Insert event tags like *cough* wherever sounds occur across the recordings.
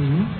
Mm-hmm.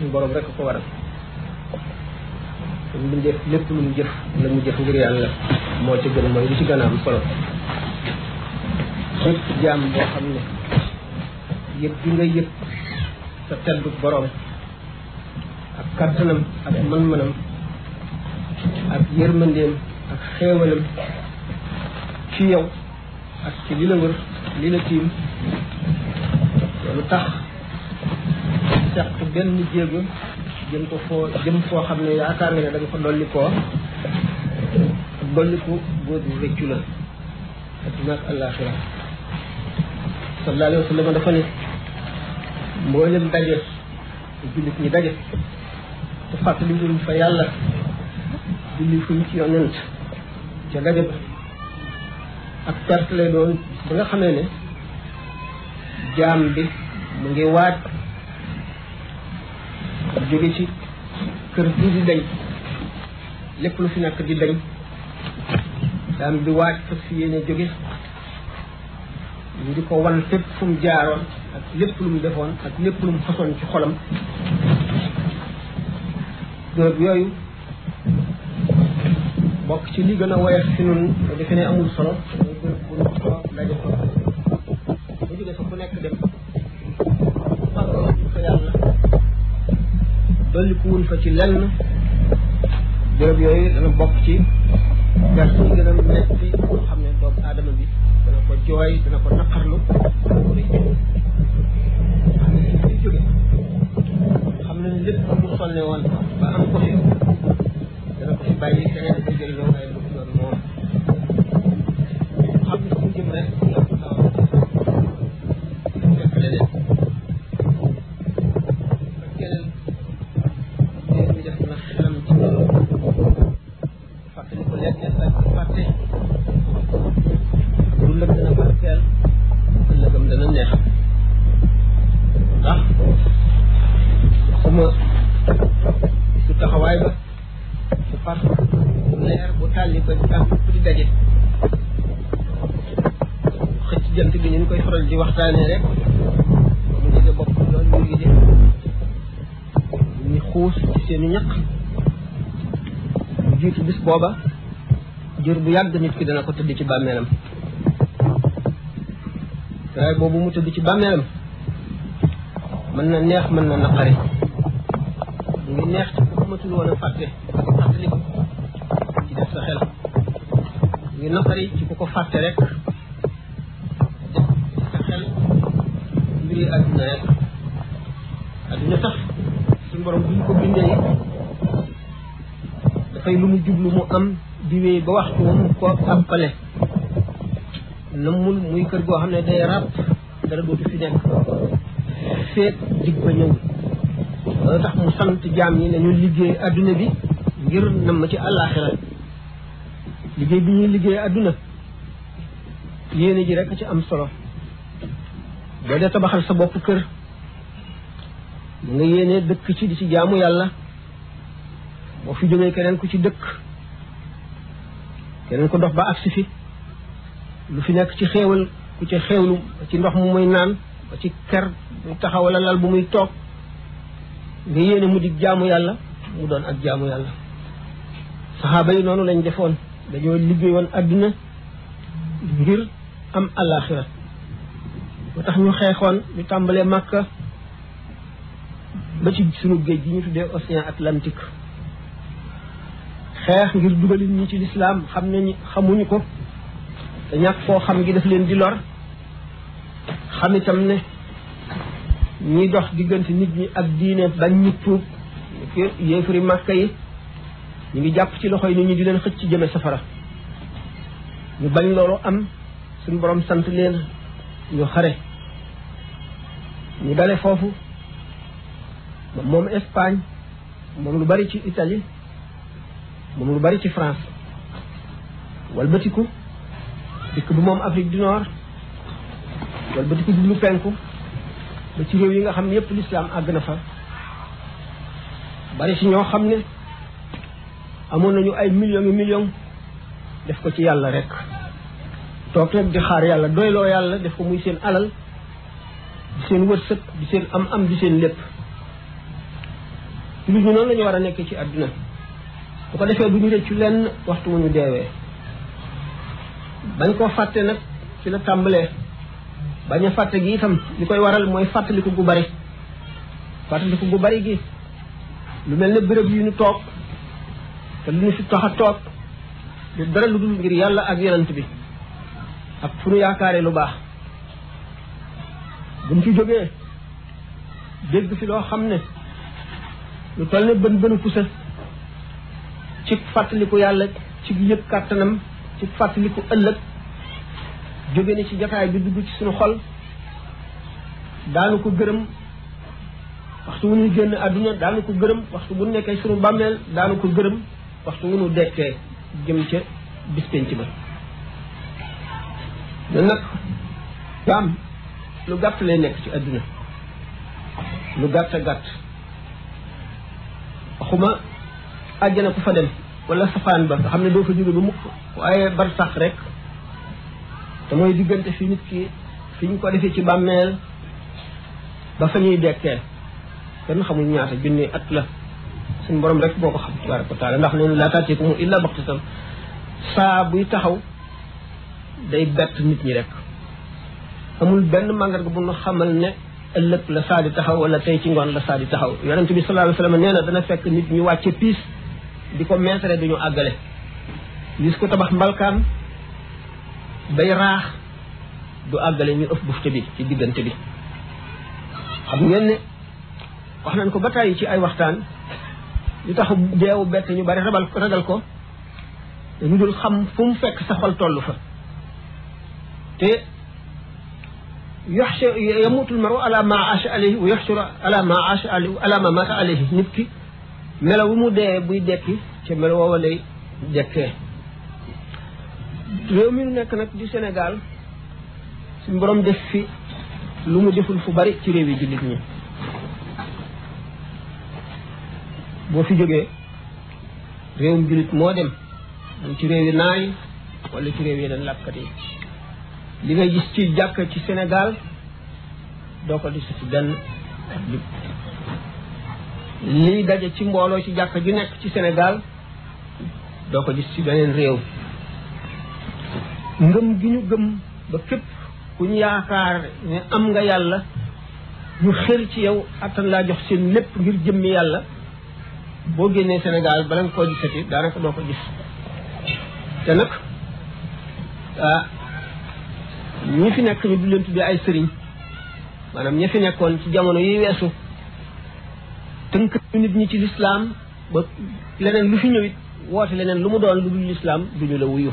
suñu rek ko waral lu mu mu jëf la mu jëf ngir yàlla moo ci gën mooy lu ci gën a am solo jaam boo xam ne yëg bi nga sa teddu borom ak kattanam ak mën ak yërmandeem ak xéewalam ci yow ak ci li la loolu tax seq benn jéego jëm ko foo jëm foo xam ne yaakaar nga ne da nga fa dolli koo dolli ko boo di la ak alaxira sallallahu alayhi wa sallam dafa ne mboolem daje jullit ñi daje te fàttali wuñ fa yàlla julli fuñ ci yonent ca daje ba ak perte lay doon ba nga xamee ne jaam bi mu ngi waat jóge ci kër gi di dañ lépp lu fi nekk di dañ daam di waaj fas fi yéene jóge ñu di ko wan fépp fu mu jaaroon ak lépp lu mu defoon ak lépp lu mu fasoon ci xolam dóor yooyu bokk ci li gën a woyof fi nun defe ne amul solo sollikuwuñ fa ci lenn béréb dana bokk ci gas yi gën a metti boo xam ne doomu aadama bi dana ko jooy dana ko naqarlu dana ko rëcc jóge xam ne lépp mu sonne woon ba am ko fi dana ko fi bàyyi keneen waxtaanee rek mu ngi de bopp loolu ñu ngi de ñu xuus ci seeni ñaq bu jiitu bis booba jur bu yàgg nit ki dana ko tëdd ci bàmmeelam waaye boobu mu tëdd ci bàmmeelam mën na neex mën na naqari mu ngi neex ci ku matul woon a fàtte fàttaliku ci def sa xel mu naqari ci ku ko fàtte rek diwee ba waxtu mu ko tàmpale namul muy kër go xamné day rap dara do fi nek feet dig ba ñëw da tax mu sant jam yi nañu liggé aduna bi ngir nam ci alakhirah liggé bi ñu liggé aduna yéene ji rek ci am solo boo da tabaxal sa bopp kër nga yéene dëkk ci di ci jaamu yalla boo fi jógee kenen ku ci dëkk danañ ko dox ba agsi fi lu fi nekk ci xéewal ku ci xéewlu ci ndox mu muy naan ba ci ker muy taxaw lal bu muy toog nga yéene mu di jaamu yàlla mu doon ak jaamu yàlla saxaaba yi noonu lañ defoon dañoo liggéey woon àdduna ngir am àllaaxira ba tax ñu xeexoon ñu tàmbalee màkka ba ci sunu géej gi ñu tuddee océan Atlantique xeex ngir dugal ñi ci lislaam xam ne xamuñu ko te ñàkk foo xam gi daf leen di lor xam itam ne ñi dox diggante nit ñi ak diine bañ ñu tuub yéefari màkka yi ñu ngi jàpp ci loxo yi nit ñu di leen xëcc ci jëme safara ñu bañ loolu am suñ borom sant leen ñu xare ñu dale foofu moom Espagne moom lu bari ci itali moom lu bari ci France walbatiku dikk bi moom Afrique du Nord walbatiku jublu penku ba ci réew yi nga xam ne yëpp lislaam àgg na fa bari ci ñoo xam ne amoon nañu ay million million def ko ci yàlla rek toog rek di xaar yàlla doyloo yàlla def ko muy seen alal di seen wërsëg di seen am am di seen lépp lu ñu noonu la ñu war a nekk ci àdduna bu ko defee bu ñu rëccu lenn waxtu mu ñu deewee bañ koo fàtte nag ci la tàmbalee bañ a fàtte gi tam li koy waral mooy fàttaliku gu bari fàttaliku gu bari gi lu mel ni béréb yu ñu toog te lu ñu fi tax lu dara lu dul ngir yàlla ak yonent bi ak fu ñu yaakaaree lu baax buñ fi jógee dégg fi loo xam ne lu toll ne bën bënu pusa ci fàttaliku yàlla ci yëg kàttanam ci fàttaliku ëllëg jóge ni ci jataay bi dugg ci suñu xol daanu ko gërëm waxtu wu ñu génn àdduna daanu ko gërëm waxtu bu nekkee suñu bàmmeel daanu ko gërëm waxtu wu ñu dekkee jëm ca bis ba ñun nag daam lu gàtt lay nekk ci àdduna lu gàtt a gàtt waxuma aljana ku fa dem wala safaan ba nga xam ne doo fa jóge ba mukk waaye bar sax rek te mooy diggante fi nit ki fi ñu ko defee ci bàmmeel ba fa ñuy dekkee kenn xamul ñaata junni at la suñ borom rek boo ko xam tabaraka taala ndax leen laa taatikum illa baxtatam saa buy taxaw day bett nit ñi rek amul benn màngar bu nu xamal ne ëllëg la saa di taxaw wala tey ci ngoon la saa di taxaw yonente bi sallallahu alayhi wa sallam nee na dana fekk nit ñi wàcce piis diko ko duñu agalé gis ko tabax mbalkan bay raax du agalé ñu ëf bufte bi ci digënté bi xam ngeen ne wax nañ ko ba tàyyi ci ay waxtaan li tax deewu bet ñu bari rabal ragal ko ñu dul xam fu mu fekk sa xol tollu fa te يحشر يموت المرء على ما عاش عليه ويحشر على ما عاش عليه على ما مات عليه نبكي melo wu mu dee buy dekki ci melo woowa lay dekkee réew mi nu nekk nag di Sénégal suñu borom def fi lu mu deful fu bari ci réew yi jullit ñi boo fi jógee réewum jullit moo dem mu ci réew yi naay wala ci réew yi dañ làkkat li ngay gis ci jàkk ci Sénégal doo ko gis ci benn liy daje ci mbooloo ci jàkka ju nekk ci Sénégal doo ko gis ci beneen réew ngëm gi ñu gëm ba képp ku yaakaar ne am nga yàlla ñu xër ci yow attan laa jox seen lépp ngir jëmm yàlla boo génnee Sénégal bala nga koo gisati daanaka doo ko gis te nag ah ñi fi nekk ñu du leen ay sëriñ maanaam ñi fi nekkoon ci jamono yi weesu tënk nit ñi ci lislaam ba leneen lu fi ñëwit woote leneen lu mu doon lu dul lislaam duñu la wuyu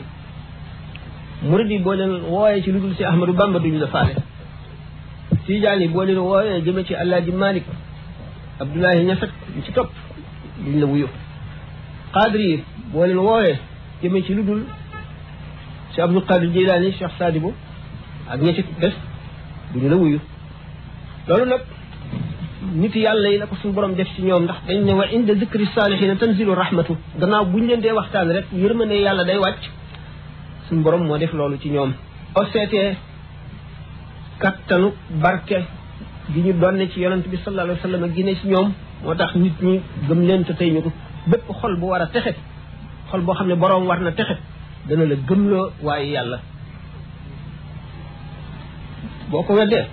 murid yi boo leen wooyee ci lu dul si Ahmadou Bamba duñu la faale tijaan yi boo leen wooyee jëme ci Alaaji Malik Abdoulaye Ñas ak ci topp duñu la wuyu xaadir yi boo leen wooyee jëme ci lu dul si Abdul Qadir Jilaani Cheikh Sadibou ak ña ci duñu la wuyu loolu nag nit yàlla yi la ko suñ borom def ci ñoom ndax dañ ne wa inda zikri saalihiina tanzilu rahmatu gannaaw buñu leen dee waxtaan rek yërmande yàlla day wàcc suñu boroom moo def loolu ci ñoom boo seetee kattanu barke gi ñu donne ci yonent bi sallallahu alayhi wa sallam gi ne ci ñoom moo tax nit ñi gëm leen te tey ñu ko bépp xol bu war a texe xol boo xam ne boroom war na texe dana la gëmloo waaye yàlla boo ko weddee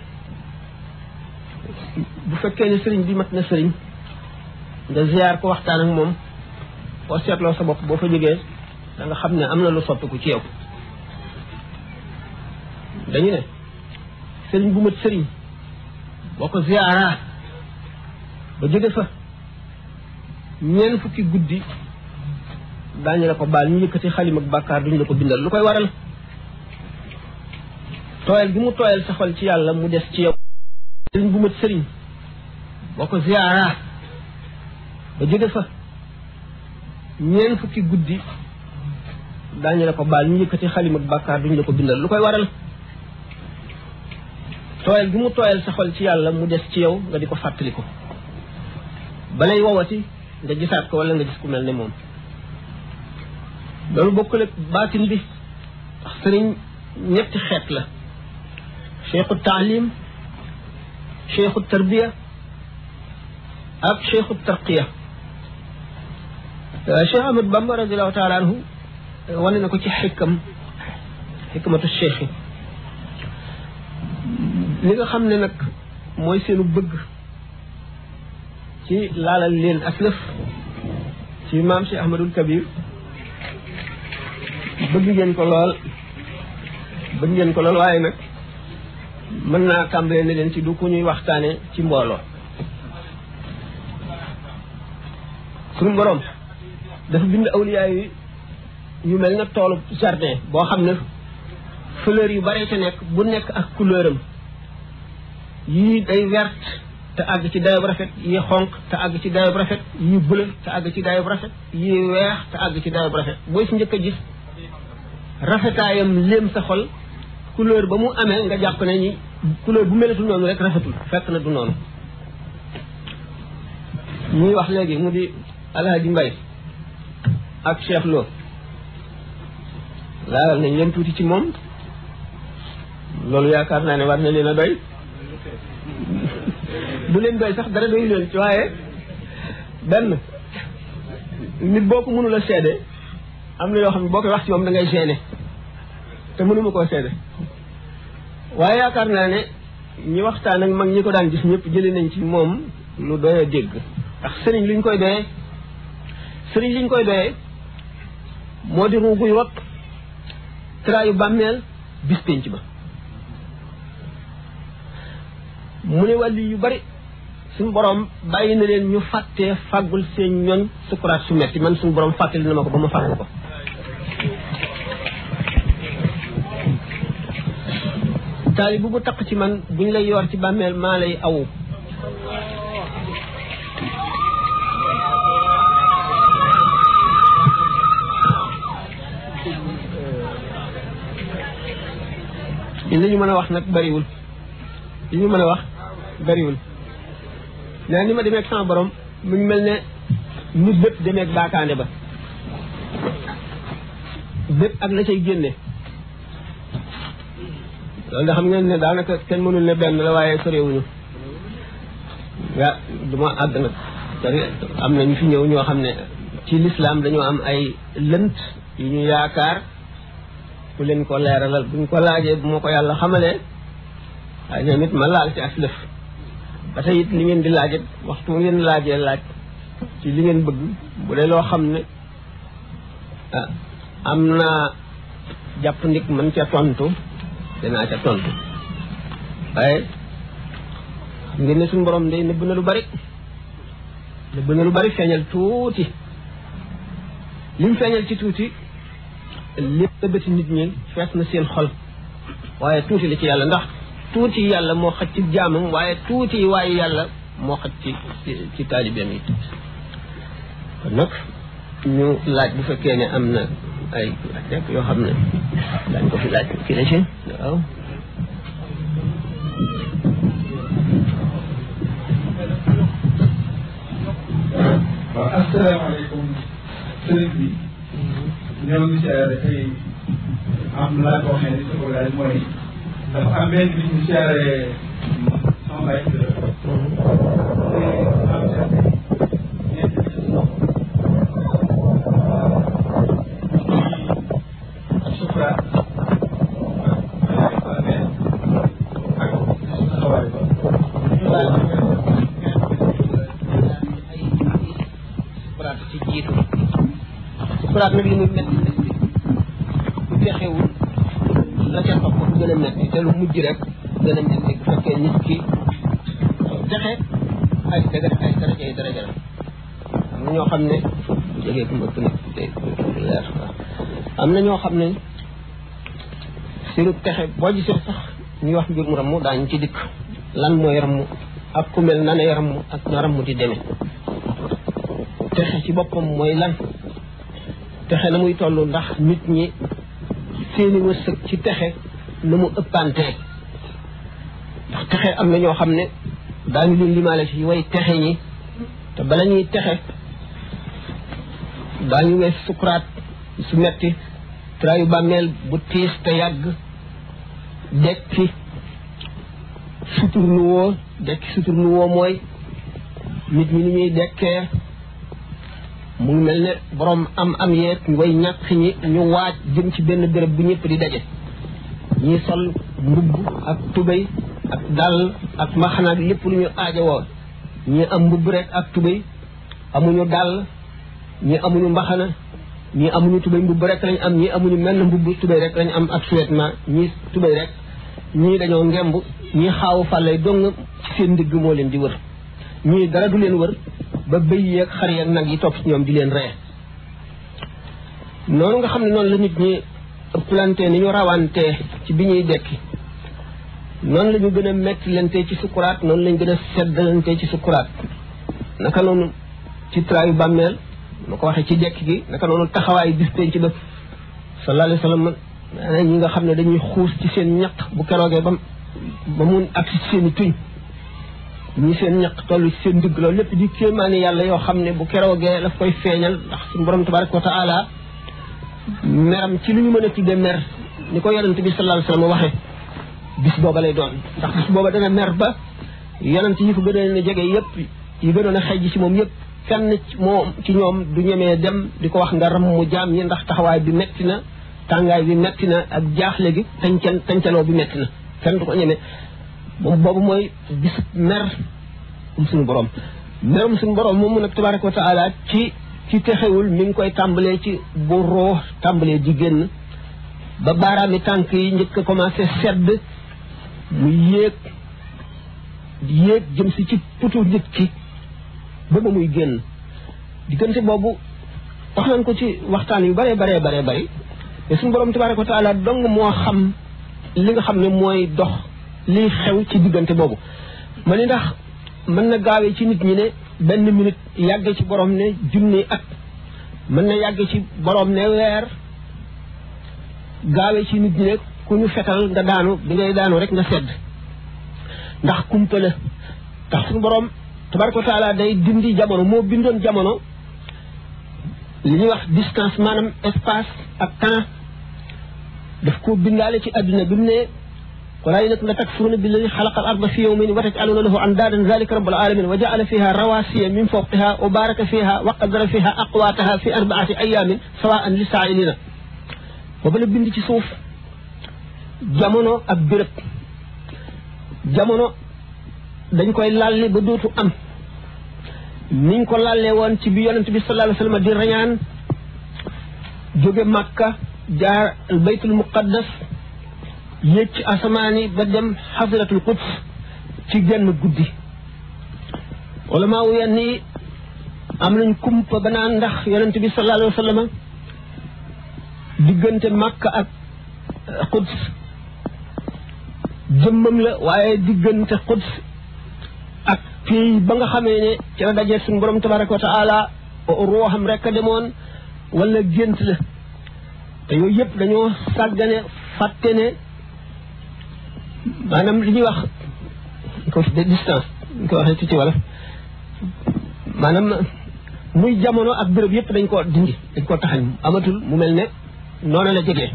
bu fekkee ne sëriñ bi mat na sëriñ nga ziar ko waxtaan ak moom boo seetloo sa bopp boo fa jógee da xam ne am na lu soppiku ci yow. dañu ne sëriñ bu mat sëriñ boo ko ziaraa ba jóge fa ñeent fukki guddi daañu la ko baal ñu yëkkati xalim ak bàkkaar duñu la ko bindal lu koy waral tooyal gi mu tooyal sa ci yàlla mu des ci yow. sëriñ bu mat sëriñ boo ko ziyaara ba jóge fa ñeent fukki guddi daañu ko baal ñu yëkkati xalim ak bàkkaar duñu la ko bindal lu koy waral tooyal gi mu tooyal sa xol ci yàlla mu des ci yow nga di ko fàttali ko balay wowati nga gisaat ko wala nga gis ku mel ne moom loolu bokkul baatin bi ndax sëriñ ñetti xeet la cheikhu taalim شيخ التربية أب شيخ الترقية الشيخ آه، أحمد بامبا رضي الله تعالى عنه آه، وانا كنت حكم حكمة الشيخ لغا خمنا نك مويسين بغ تي لالا لين أسلف تي مام شيخ أحمد الكبير بغ جن كلال بغ جن كلال وائنك mën naa tàmbalee ne leen ci du ku ñuy waxtaane ci mbooloo suñu borom dafa bind awliyaa yi ñu mel na toolu jardin boo xam ne fleur yu bare ca nekk bu nekk ak couleur am yii day verte te àgg ci dayob rafet yii xonq te àgg ci dayob rafet yii bleu te àgg ci dayob rafet yii weex te àgg ci dayob rafet booy si njëkk a gis rafetaayam léem sa xol couleur ba mu amee nga jàpp ne ñi couleur bu melatul noonu rek rafetul fekk na du noonu muy wax léegi mu di alhaji mbay ak Cheikh Lo laalal nañ leen tuuti ci moom loolu yaakaar naa ne war na leen a doy *laughs* bu leen doy sax dara doy leen ci waaye benn nit boo ko mënul a seede am na yoo xam ne boo koy wax ci moom da ngay gêné te mënuma koo seede waaye yaakaar naa ne ñi waxtaan ak mag ñi ko daan gis ñëpp jëlee nañ ci moom lu doy a dégg ndax sëriñ liñ koy doyee sëriñ liñ koy doyee moo di ruuguy wat traayu bàmmeel bis pénc ba mu ne wàlli yu bari suñu borom bàyyi na leen ñu fàttee fàggul seen ñoñ sukuraat su metti man suñu borom fàttali na ma ko ba ma fàggu ko taali bu bu ci man buñ lay yoor ci bàmmeel maa lay awu li ñu mën a wax nag bariwul li ñu mën a wax bariwul nee ni ma demee ak sama borom mu mel ne nit bépp demee ak baakaande ba bépp ak la cay génne loolu da xam ngeen ne daanaka kenn mënul ne benn la waaye sorewuñu nga du àgg nag am na ñu fi ñëw ñoo xam ne ci lislaam dañoo am ay lënt yu ñu yaakaar ku leen ko leeralal buñ ko laajee bu ma ko yàlla xamalee waaye ñoom it ma laal ci as lëf ba it li ngeen di laaj it waxtu ngeen laajee laaj ci li ngeen bëgg bu dee loo xam ne ah, am naa jàpp ndik mën ca tontu danaa ca tontu waaye xam ngeen ne suñu borom day nëbb na lu bari nëbb na lu bari feeñal tuuti lim feeñal ci tuuti lépp nëbbati nit ñi fees na seen xol waaye tuuti la ci yàlla ndax tuuti yàlla moo xaj ci jaamam waaye tuuti waaye yàlla moo xaj ci ci taalibeem yi kon nag ñu laaj bu fekkee ne am na ay ak rek yoo xam ne daañ ko fi laaj ki la ci waaw waaw asalaamaaleykum sëriñ bi ñoo ngi siyaare ay am laa ko waxee ni sa ko laaj mooy dafa am benn bi ñu siyaare sama mbay furaat nag li muy metti metti bu fexewul la ca topp du mujj rek gën a metti bu fekkee nit ki texe ay dara ay dara ay dara jara am na ñoo xam ne jógee ku am na ñoo xam ne seenu texe boo gisee sax ñuy wax mbir mu ramm daañu ci dikk lan mooy ramm ak ku mel na ne ramm ak na ramm di demee texe ci boppam mooy lan texe na muy toll ndax nit ñi seeni wërsëg ci texe na mu ëppante ndax texe am na ñoo xam ne daa daañu leen limaale ci way texe ñi te bala ñuy texe daañu wees sukuraat su metti trayu bàmmeel bu tiis te yàgg dekki sutur nu woo dekki sutur nu woo mooy nit ñi ni ñuy dekkee mu ngi mel ni boroom am am yeeg way ñàkk ñi ñu waaj jëm ci benn béréb bu ñëpp di daje ñi sol mbubb ak tubéy ak dàll ak maxanaak lépp lu ñu aajowoo ñi am mbubb rek ak tubéy amuñu dàll ñi amuñu mbaxana ñi amuñu tubéy mbubb rek lañ am ñi amuñu menn mbubb tubéy rek lañu am ak sous-vêtement ñi tubéy rek ñii dañoo ngemb ñi xaawu fàllay dong ci seen ndigg moo leen di wër ñii dara du leen wër ba bëy yeeg xar yeeg nag yi topp ñoom di leen ree noonu nga xam ne noonu la nit ñi ëppalante ni ñu rawante ci bi ñuy dekki noonu la ñu gën a mettilante ci sukuraat noonu la ñu gën a seddalante ci sukuraat naka noonu ci traayu bàmmeel ma ko waxee ci dekk gi naka noonu taxawaay bis penc ba sallallahu alayhi wa sallam ñi nga xam ne dañuy xuus ci seen ñaq bu keroogee ba ba mun ak ci seen i tuñ ñi seen ñeq toll ci seen digg loolu lépp di kéemaane yàlla yoo xam ne bu keroogee daf koy feeñal ndax suñu borom tabaraka wa taala meram ci li ñu mën a tudde mer ñu ko yonent bi sallallahu alayhi wasallam waxe bis booba lay doon ndax bis booba dana mer ba yeneen yonent yi ko gënoon a jege yëpp yi gënoon a xejj ci moom yëpp kenn moom ci ñoom du ñemee dem di ko wax nga ram mu jaam ñi ndax taxawaay bi metti na tàngaay bi metti na ak jaaxle gi tancal tancaloo bi metti na kenn du ko ñemee boobu mooy bisub mer um suñu borom merum suñu borom moom mu nag tabaraka wa taala ci ci texewul mi ngi koy tàmbalee ci bu tàmbalee di génn ba baaraami tànk yi njëkk a commencé sedd mu yéeg yéeg jëm si ci putu nit ba ba muy génn diggante boobu wax nañ ko ci waxtaan yu bare bare bare bare te suñu borom tabaraka wa taala dong moo xam li nga xam ne mooy dox lii xew ci diggante boobu ma ni ndax mën na gaawee ci nit ñi ne benn minute yàgg ci boroom ne junni ak mën na yàgg ci boroom ne weer gaawee ci nit ñi ne ku ñu fetal nga daanu bi ngay daanu rek nga sedd ndax kumpa la ndax suñu borom tabaraka wa taala day dindi jamono moo bindoon jamono li ñu wax distance maanaam espace ak temps daf ko bindaale ci àdduna bi mu ne ولا إنكم لتكفرون بالذي خلق الأرض في يومين وتجعلون له أندادا ذلك رب العالمين وجعل فيها رواسي من فوقها وبارك فيها وقدر فيها أقواتها في أربعة أيام سواء لسائلنا وبل بند ci suuf jamono ak béréb jamono dañ koy ام ba dootu am niñ ko lalle woon ci bi yonent bi sallallahu alayhi wasallam di rañaan jóge Makka yéeg ci asamaan yi ba dem xasratul quds ci genn guddi wala maa wu yenn am nañ kumpa ba ndax yonent bi sallallahu alayhi wa diggante Makka ak quds jëmmam la waaye diggante quds ak fii ba nga xamee ne ci la dajee suñu borom tabaraka wa taala ruuxam rek a demoon wala gént la te yooyu yëpp dañoo sàggane fàtte ne maanaam li ñuy wax ko de distance ñu ko waxee ci wolof maanaam muy jamono ak béréb yëpp dañ ko dindi dañ koo taxañ amatul mu mel ne noonu la jege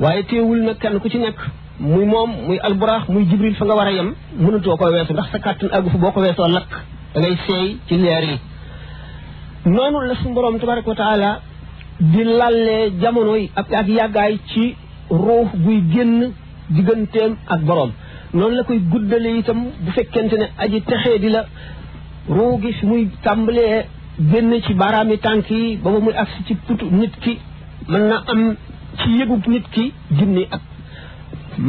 waaye teewul nag kenn ku ci nekk muy moom muy alburaax muy jibril fa nga war a yem mënatoo ko weesu ndax sa kàttan àggu fa boo ko weesoo lakk da seey ci leer yi noonu la suñu borom tabaraka wa di lallee jamono yi ak ak yàggaay ci ruux guy génn digganteem ak boroom noonu la koy guddale itam bu fekkente ne aji texee di la ruu gi fi muy tàmbalee génn ci baaraami tànk yi ba ba muy agsi ci putu nit ki mën na am ci yëgub nit ki junni at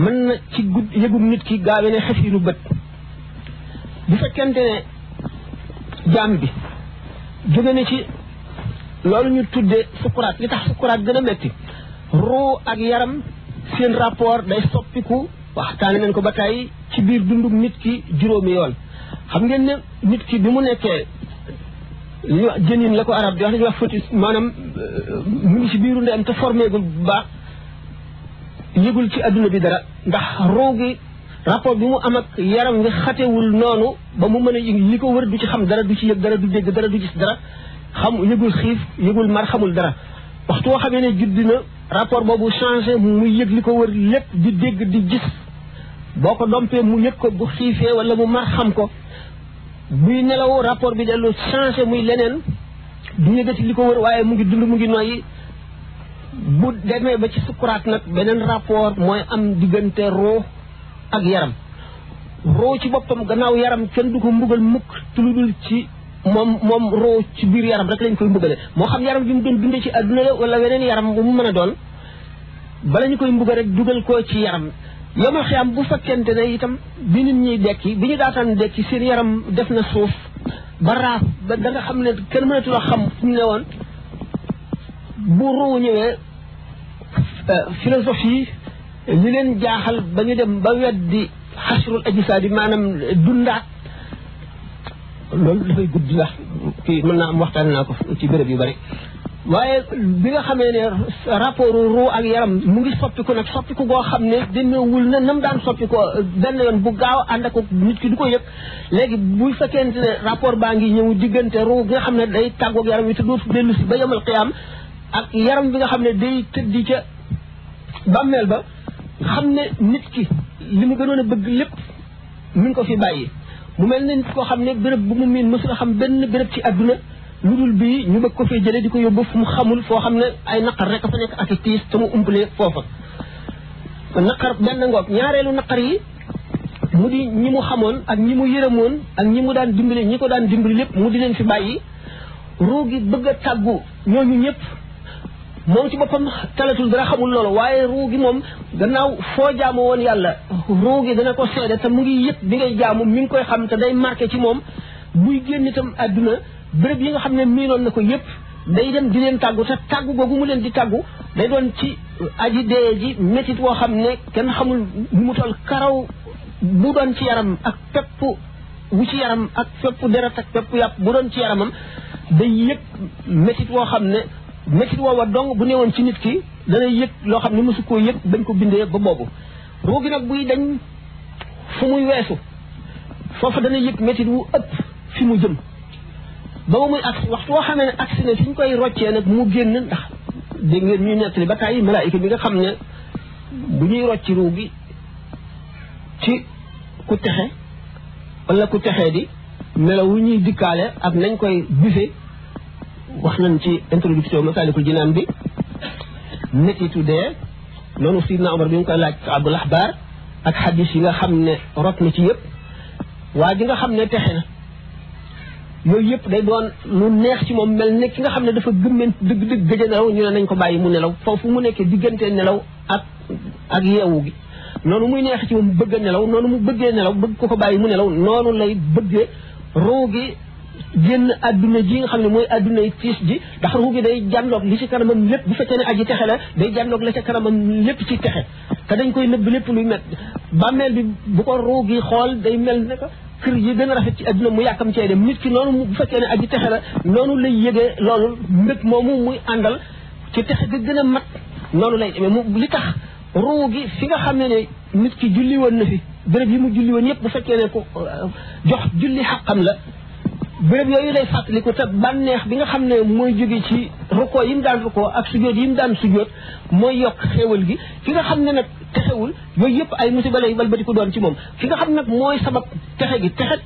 mën na ci gudd yëgub nit ki gaawe ne xef yi nu bët bu fekkente ne jaam bi jóge na ci loolu ñu tudde sukuraat li tax sukuraat gën a metti ruu ak yaram seen rapport day soppiku waxtaane nañ ko ba tàyyi ci biir dundu nit ki juróomi yoon xam ngeen ne nit ki bi mu nekkee li wax jënin la ko arab di wax dañuy wax fautis maanaam euh, mu ngi ci biiru ndeyam te formeegul bu baax yëgul ci adduna bi dara ndax ruu gi rapport bi mu am ak yaram ngi xatewul noonu ba mu mën a li ko wër du ci xam dara du ci yëg dara du dégg dara du gis dara xam yëgul xiif yëgul mar xamul dara waxtu woo xamee ne rapport boobu changé mu yëg li ko wër lépp di dégg di gis boo ko dompee mu yëg ko bu xiifee wala mu mar xam ko buy nelaw rapport bi dellu changé muy leneen du yëgati li ko wër waaye mu ngi dund mu ngi noyyi bu demee ba ci sukuraat nag beneen rapport mooy am diggante roo ak yaram roo ci boppam gannaaw yaram kenn du ko mbugal mukk tuludul ci moom moom roo ci biir yaram rek lañ koy mbugale moo xam yaram bi mu doon dundee ci adduna la wala weneen yaram bu mu mën a doon bala ñu koy mbugal rek dugal ko ci yaram yomal xiyaam bu fekkente ne itam bi nit ñuy dekki bi ñu daataan dekki seen yaram def na suuf ba raaf ba da nga xam ne kenn mënatu la xam fu ñu ne woon bu roo ñëwee euh, philosophie li leen jaaxal ba ñu dem ba weddi xasrul ajsaad yi maanaam dundaat loolu dafay gudd sax kii mën naa am waxtaan naa ko ci béréb yu bari waaye bi nga xamee ne rapport ruu ak yaram mu ngi soppiku nag soppiku goo xam ne demeewul na nam daan soppiku benn yoon bu gaaw ànd ak nit ki du ko yëg léegi buy fekkente ne rapport baa ngi ñëw diggante ruu gi nga xam ne day tàggoog yaram wi te dootu dellu si ba ak yaram bi nga xam ne day tëddi ca bàmmeel ba xam ne nit ki li mu gënoon a bëgg lépp mu ko fi bàyyi mu mel ne nit koo xam ne béréb bu mu miin mësul a xam benn béréb ci àdduna lu dul bii ñu bëgg ko fee jëlee di ko yóbbu fu mu xamul foo xam ne ay naqar rek fa nekk ak i tiis te mu umpalee foofa naqar benn ngoog ñaareelu naqar yi mu di ñi mu xamoon ak ñi mu yërëmoon ak ñi mu daan dimbali ñi ko daan dimbali lépp mu di leen fi bàyyi ruugi bëgg a tàggu ñooñu ñëpp moom ci boppam talatul dara xamul loolu waaye ruu gi moom gannaaw foo jaamu woon yàlla ruu gi dana ko seede te mu ngi yëpp bi ngay jaamu mi ngi koy xam te day marqué ci moom muy génn itam àdduna bërëb yi nga xam ne miinoon na ko yëpp day dem di leen tàggu te tàggu googu mu leen di tàggu day doon ci aji dee ji métit woo xam ne kenn xamul nu mu toll karaw bu doon ci yaram ak pepp wu ci yaram ak pepp deret ak pepp yàpp bu doon ci yaramam day yëpp woo xam ne métit woowa dong bu newoon ci nit ki danay yëg loo xam ne mosu koo yëg bañ ko bindee ba boobu ruu gi nag buy dañ fu muy weesu foofu danay yëg métit wu ëpp fi mu jëm ba muy agsi waxtu woo xamee ne agsi ne fi ñu koy roccee nag mu génn ndax dégg ñuy nettali ba tàyyi malaayika bi nga xam ne bu ñuy rocci ruu gi ci ku texe wala ku texee di melaw wu ñuy dikkaale ak nañ koy bise wax nañ ci introduction masalikul jinaan bi netitu dee noonu sidna omar bi mu koy laaj abdul ahbar ak hadis yi nga xam ne rot na ci yépp waa ji nga xam ne texe na yooyu yépp day doon lu neex ci moom mel ne ki nga xam ne dafa gëmmen dëgg dëgg gëj a nelaw ñu ne nañ ko bàyyi mu nelaw foofu mu nekkee diggante nelaw ak ak yeewu gi noonu muy neex ci moom bëgg a nelaw noonu mu bëggee nelaw bëgg ko ko bàyyi mu nelaw noonu lay bëggee ruu gi génn àdduna ji nga xam ne mooy àdduna yi tiis ji ndax ruux gi day jànloog li ci kanamam lépp bu fekkee ne aji texe la day jànloog la ca kanamam lépp ci texe te dañ koy nëbb lépp luy met bàmmeel bi bu ko ruux gi xool day mel ne ko kër yi gën a rafet ci àdduna mu yàkkam cee dem nit ki noonu bu fekkee ne aji texe la noonu lay yëgee loolu mbëg moomu muy àndal ci texe ga gën a mat noonu lay demee mu li tax ruu gi fi nga xam ne ne nit ki julli woon na fi béréb yi mu julli woon yëpp bu fekkee ne ko jox julli xaqam la béréb yooyu lay ko te bànneex bi nga xam ne mooy jóge ci rukkoo yi mu daan rukkoo ak sujjóot yi mu daan sujjóot mooy yokk xéewal gi fi nga xam ne nag texewul yooyu yëpp ay musiba lay balbatiku doon ci moom fi nga xam nag mooy sabab texe gi texe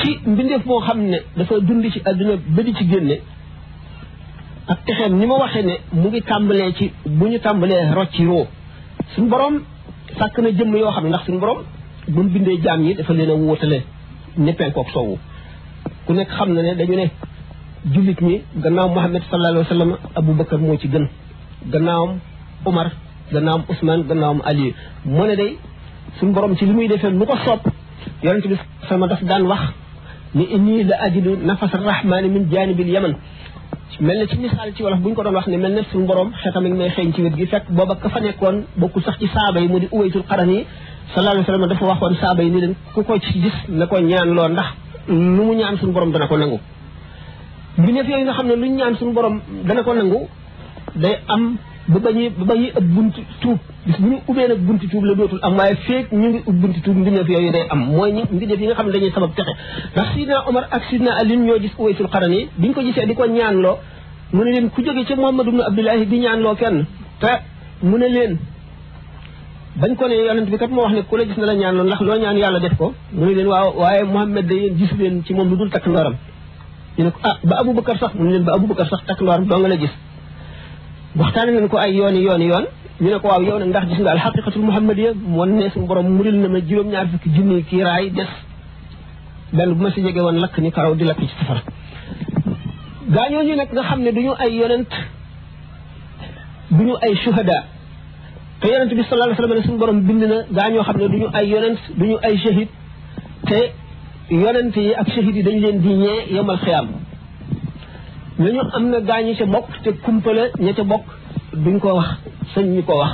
ci mbindeef xam ne dafa dund ci àdduna ba di ci génne ak texeem ni ma waxee ne mu ngi tàmbalee ci bu ñu tàmbalee rocci roo suñu borom sàkk na jëmm yoo xam ne ndax suñu borom bu mu bindee jaam yi dafa leen a wóotale ni penkook soowu ku nekk xam na ne dañu ne jullit ñi gannaaw Muhammad sallallahu alayhi wa sallam Abu Bakar moo ci gën gannaawam Umar gannaawam Ousmane gannaawam Ali mu ne day suñu borom ci li muy defee lu ko sopp yonent bi sama daf daan wax ni inni la ajidu nafas rahmaani min jaanibil yaman mel na ci misaal ci wolof bu ko doon wax ne mel na suñu borom xetam ak may xeeñ ci wet gi fekk booba ka fa nekkoon bokkul sax ci saaba yi mu di uwaytul xaran yi sallallahu alayhi wa sallam dafa waxoon saaba yi ni leen ku ko ci gis na ko ñaan loo ndax lu mu ñaan suñu borom dana ko nangu mbindeef yooyu nga xam ne luñ ñaan suñu borom dana ko nangu day am ba bañuy ba bañuy ëpp bunti tuub ñu ubbee nag bunti tuub la dootul am waaye feek ñu ngi ub bunti tuub mbindeef yooyu am mooy ñi yi nga xam ne dañuy sabab texe ndax sidna Omar ak sidna Alioune ñoo gis yi Qarani biñ ko gisee di ko ñaan loo mu ne leen ku jóge ca Muhammad ibn Abdullahi di ñaan loo kenn te mu ne leen bañ ko ne yonent bi kat moo wax ne ku la gis na la ñaan loolu ndax loo ñaan yàlla def ko mu ne leen waaw waaye Muhammad da yéen gis leen ci moom lu dul takk ndooram ñu ne ko ah ba Aboubacar sax mu ne leen ba Aboubacar sax takk ndooram doo nga la gis waxtaane leen ko ay yooni yooni yoon ñu ne ko waaw yow nag ndax gis nga alxaqiqatul muhammadiya wan ne suñu borom muril na ma juróom-ñaar fukki junni kii raay des benn bu ma si jege woon lakk ni karaw di lakk ci safara ñu nag nga xam ne duñu ay yonent duñu ay shuhada te yonent bi sallallahu alayhi wa sallam borom bind na gaa ñoo xam ne du ñu ay yonent du ñu ay shahid te yonent yi ak shahid yi dañu leen di ñee yomal xiyaam ñu am na gaa ñi ca bokk te kumpale ñetti ca bokk duñ ko wax sëñ ñu ko wax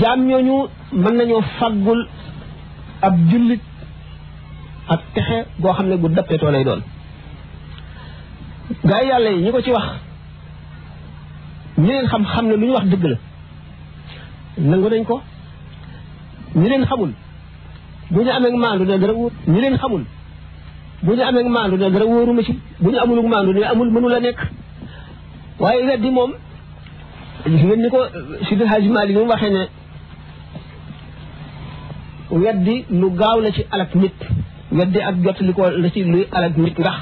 jaam ñooñu mën nañoo faggul ab jullit ak texe goo xam ne gu dappetoo lay doon gaa yi yàlla yi ñi ko ci wax ñi leen xam xam ne lu ñu wax dëgg la nangu nañ ko ñi leen xamul bu ñu amee maandu ne dara wóor ñi leen xamul bu ñu amee maandu ne dara wóoruma ci bu ñu amul maandu ne amul mënu la nekk waaye weddi moom gis ngeen ni ko Sidi Hadj Mali ñu waxee ne weddi lu gaaw la ci alak nit weddi ak jot li ko la ci luy alak nit ndax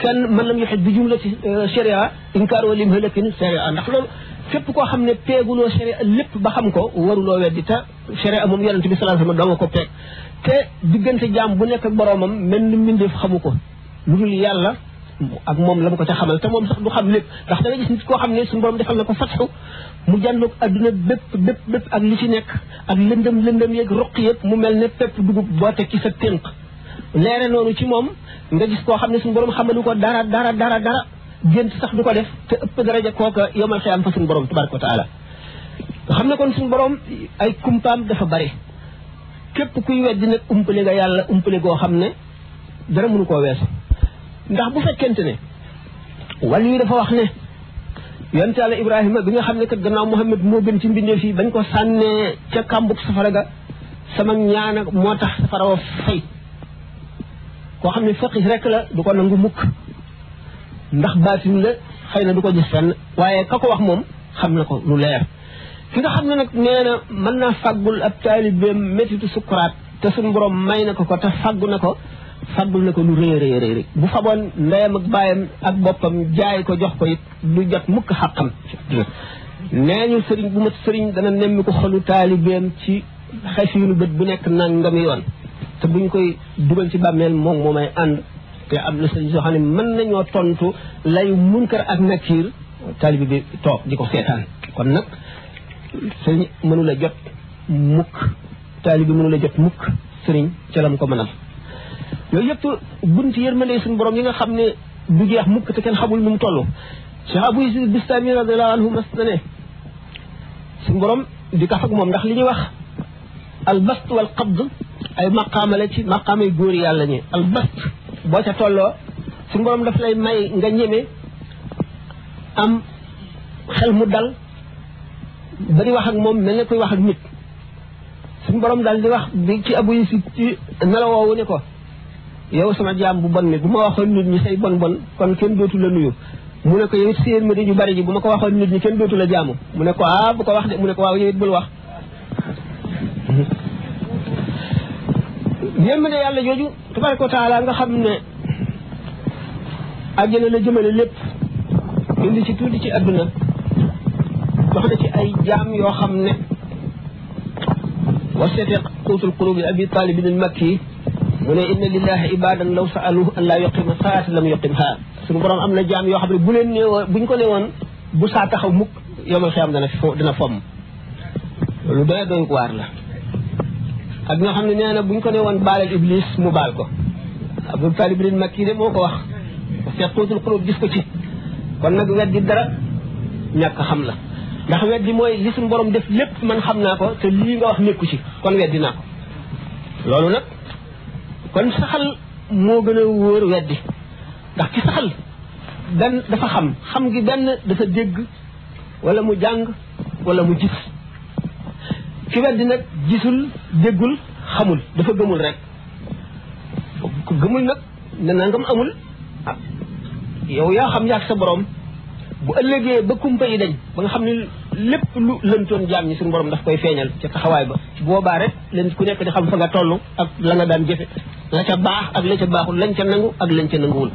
kenn mën lam yoxit bi jumla ci sharia inkaar wa lim hëlëkin sharia ndax loolu fépp koo xam ne peeguloo sharia lépp ba xam ko waruloo weddi te sharia moom yonent bi sallallahu alayhi wasallam doo nga ko peeg te diggante jaam bu nekk ak boroomam mel ni mbindeef xamu ko lu dul yàlla ak moom la mu ko ca xamal te moom sax du xam lépp ndax da gis nit koo xam ne suñu borom defal na ko fatxu mu jàndoog adduna bépp bépp ak li ci nekk ak lëndëm lëndëm yeeg roq yëpp mu mel ne pepp dugub boo teg ci sa tënk leere noonu ci moom nga gis koo xam ne suñu borom xamalu ko dara dara dara dara gént sax du ko def te ëpp daraja kooka yomal xiyaam fa suñu borom tabaraka wa taala xam ne kon suñu boroom ay kumpaam dafa bari képp kuy weddi nag umpale nga yàlla umpale goo xam ne dara mënu koo weesu ndax bu fekkente ne wàllu yi dafa wax ne yonte yàlla ibrahima bi nga xam ne kat gannaaw muhammad moo gën ci mbindeef yi bañ ko sànnee ca kàmbuk safara ga sama ñaan moo tax safara wa fay koo xam ne faqih rek la du ko nangu mukk ndax baatin la xëy na du ko gis fenn waaye ka ko wax moom xam na ko lu leer ki nga xam ne nag nee na mën naa fàggul ab taalibeem métitu sukkuraat te suñu borom may na ko ko te fàggu na ko fàggul na ko lu rëy bu faboon ndeyam ak baayam ak boppam jaay ko jox ko it du jot mukk xàqam nee ñu sëriñ bu mat sëriñ dana nemmi ko xolu taalibeem ci xasiinu bët bu nekk nangami yoon te buñ koy dugal ci bàmmeel moom moo may ànd te am na sëriñ soo xam ne mën nañoo tontu lay munkar ak nakiir taalibi bi too di ko seetaan kon nag sëriñ mënula la jot mukk taalibi mënu la jot mukk sëriñ ca lam ko mënal yooyu yëpp bunti yërmande suñu borom yi nga xam ne du jeex mukk te kenn xamul nu mu toll Cheikh Abou Yazid Bistami radiallahu anhu mas na di kaf ak moom ndax li ñuy wax albast wal qabd ay maqaama la ci maqaamay góor yàlla ñi albast boo ca tolloo suñu borom daf lay may nga ñeme am xel mu dal bari wax ak moom mel ne koy wax ak nit suñu borom dal di wax bi ci abu yi si ci melowoowu ne ko yow sama jaam bu bon mi bu ma waxoon nit ñi say bon bon kon kenn dootu la nuyu mu ne ko yow it séen ma di ñu bari ji bu ma ko waxoon nit ñi kenn dootu la jaamu mu ne ko ah bu ko wax de mu ne ko waaw yow it bul wax yéeme ne yàlla jooju tabaraka wa taala nga xam ne àjjana la jëmale lépp indi ci tuuti ci àdduna wax na ci ay jaam yoo xam ne wa seete quutul qulubi abi talibin al makki mu ne inna lillahi ibadan law saaluhu an laa yuqima saati lam yuqimha suñu borom am na jaam yoo xam ne bu leen nee buñ ko nee woon bu saa taxaw mukk yomal xiyam dana dana fomm lu doy doy waar la ak nga xam ne nee bu ñu ko ne woon baalal iblis mu baal ko abdul talib bin makki de moo ko wax sequtul xulub gis ko ci kon nag weddi dara ñàkk xam la ndax weddi mooy li suñu borom def lépp man xam naa ko te lii nga wax nekku ci kon weddi naa ko loolu nag kon saxal moo gën a wóor weddi ndax ki saxal benn dafa xam xam gi benn dafa dégg wala mu jàng wala mu gis ki weddi nag gisul déggul xamul dafa gëmul rek ku gëmul nag ne nangam amul ah yow yaa xam yaak sa borom bu ëllëgee ba kumpa yi dañ ba nga xam ne lépp lu lëntoon jaam ñi suñu borom daf koy feeñal ca taxawaay ba boobaa rek leen ku nekk di xam fa nga tollu ak la nga daan jëfe la ca baax ak la ca baaxul lañ ca nangu ak lañ ca nanguwul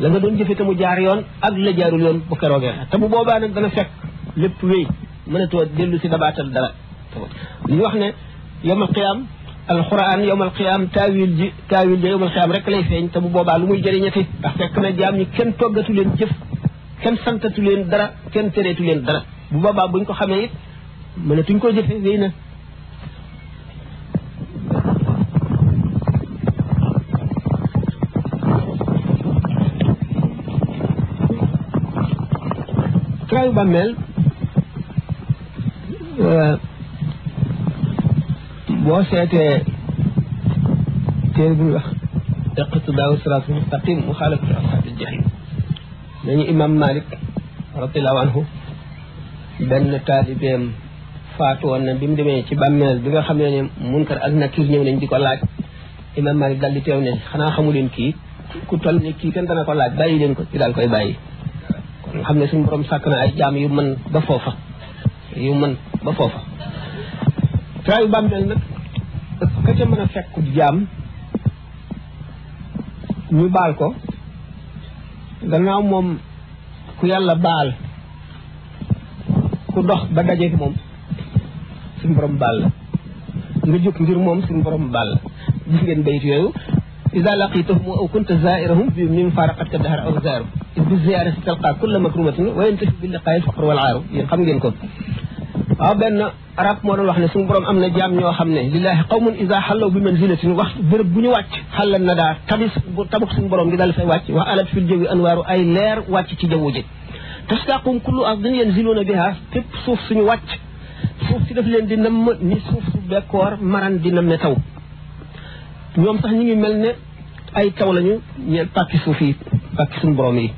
la nga doon jëfe te mu jaar yoon ak la jaarul yoon bu keroogee te mu boobaa nag dana fekk lépp wéy mënatoo dellu si dabaatal dara ñu wax ne yowmal qiyaam alquran yowmal qiyaam taawil ji taawil ji yowmal qiyaam rek lay feeñ te bu boobaa lu muy jëriñati ndax fekk na jaam ñi kenn toggatu leen jëf kenn santatu leen dara kenn tereetu leen dara bu boobaa buñ ko xamee it mënatuñ ko jëfe wéy na boo seetee téere bu ñuy eh, wax iqtidaa siraatal mustaqim muxaalafatu ashaabil jahim nañu imam malik radiallahu anhu benn taalibeem faatu woon na bi mu demee ci bàmmeel bi nga xam ne ne munkar ak nakir ñëw nañ di ko laaj imam malik daal di teew ne xanaa xamu leen kii ku toll ne kii kenn dana ko laaj bàyyi leen ko ci daal koy bàyyi kon xam ne suñu borom sàkk na ay jaam yu mën ba foofa yu mën ba foofa taayu bàmmeel nag ca mën a fekku jaam ñu baal ko gannaaw moom ku yàlla baal ku dox ba dajeeg moom suñ borom baal la nga jóg ngir moom suñ borom baal la gis ngeen bayit yooyu إذا لقيتهم أو كنت زائرهم من فارقتك الدهر أو زائرهم إذ بالزيارة تلقى كل مكرومة وينتهي باللقاء الفقر والعار ينقم جنكم waaw benn arab moo doon wax ne suñu borom am na jaam ñoo xam ne lillaahi qawmun isa xallaw bi manzilatin wax bërëb bu ñu wàcc xallan na daa tabis tabuk suñu borom gi daal fay wàcc wax alat fil jawwi anwaaru ay leer wàcc ci jaww ji tastaqum kullu ardin yanziluuna biha tépp suuf suñu wàcc suuf si daf leen di namm ni suuf su bekkoor maran di namme taw ñoom sax ñu ngi mel ne ay taw lañu ñeen pàkki suuf yi pàkki suñu borom yi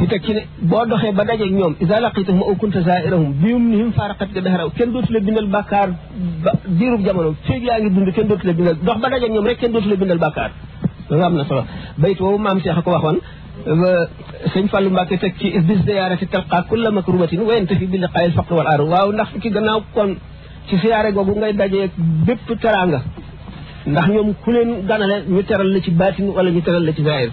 di teg ci ne boo doxee ba dajeeg ñoom isa laqitahum aw kunta zairahum biyum nihim faraqat ga dahraw kenn dootu la bindal bàkkaar diirub jamono feeg yaa ngi dund kenn dootu la bindal dox ba dajeeg ñoom rek kenn dootu la bindal bàkkaar loolu am na solo bayit woowu maam Cheikh ko waxoon sëñ Fallou Mbacke teg ci bis ziyaarati talqa kulla makrumatin wa yantafi bi liqaayil faqr wal aar waaw ndax ci gannaaw kon ci siyaare googu ngay dajee bépp teraanga ndax ñoom ku leen ganale ñu teral la ci baatin wala ñu teral la ci zaahir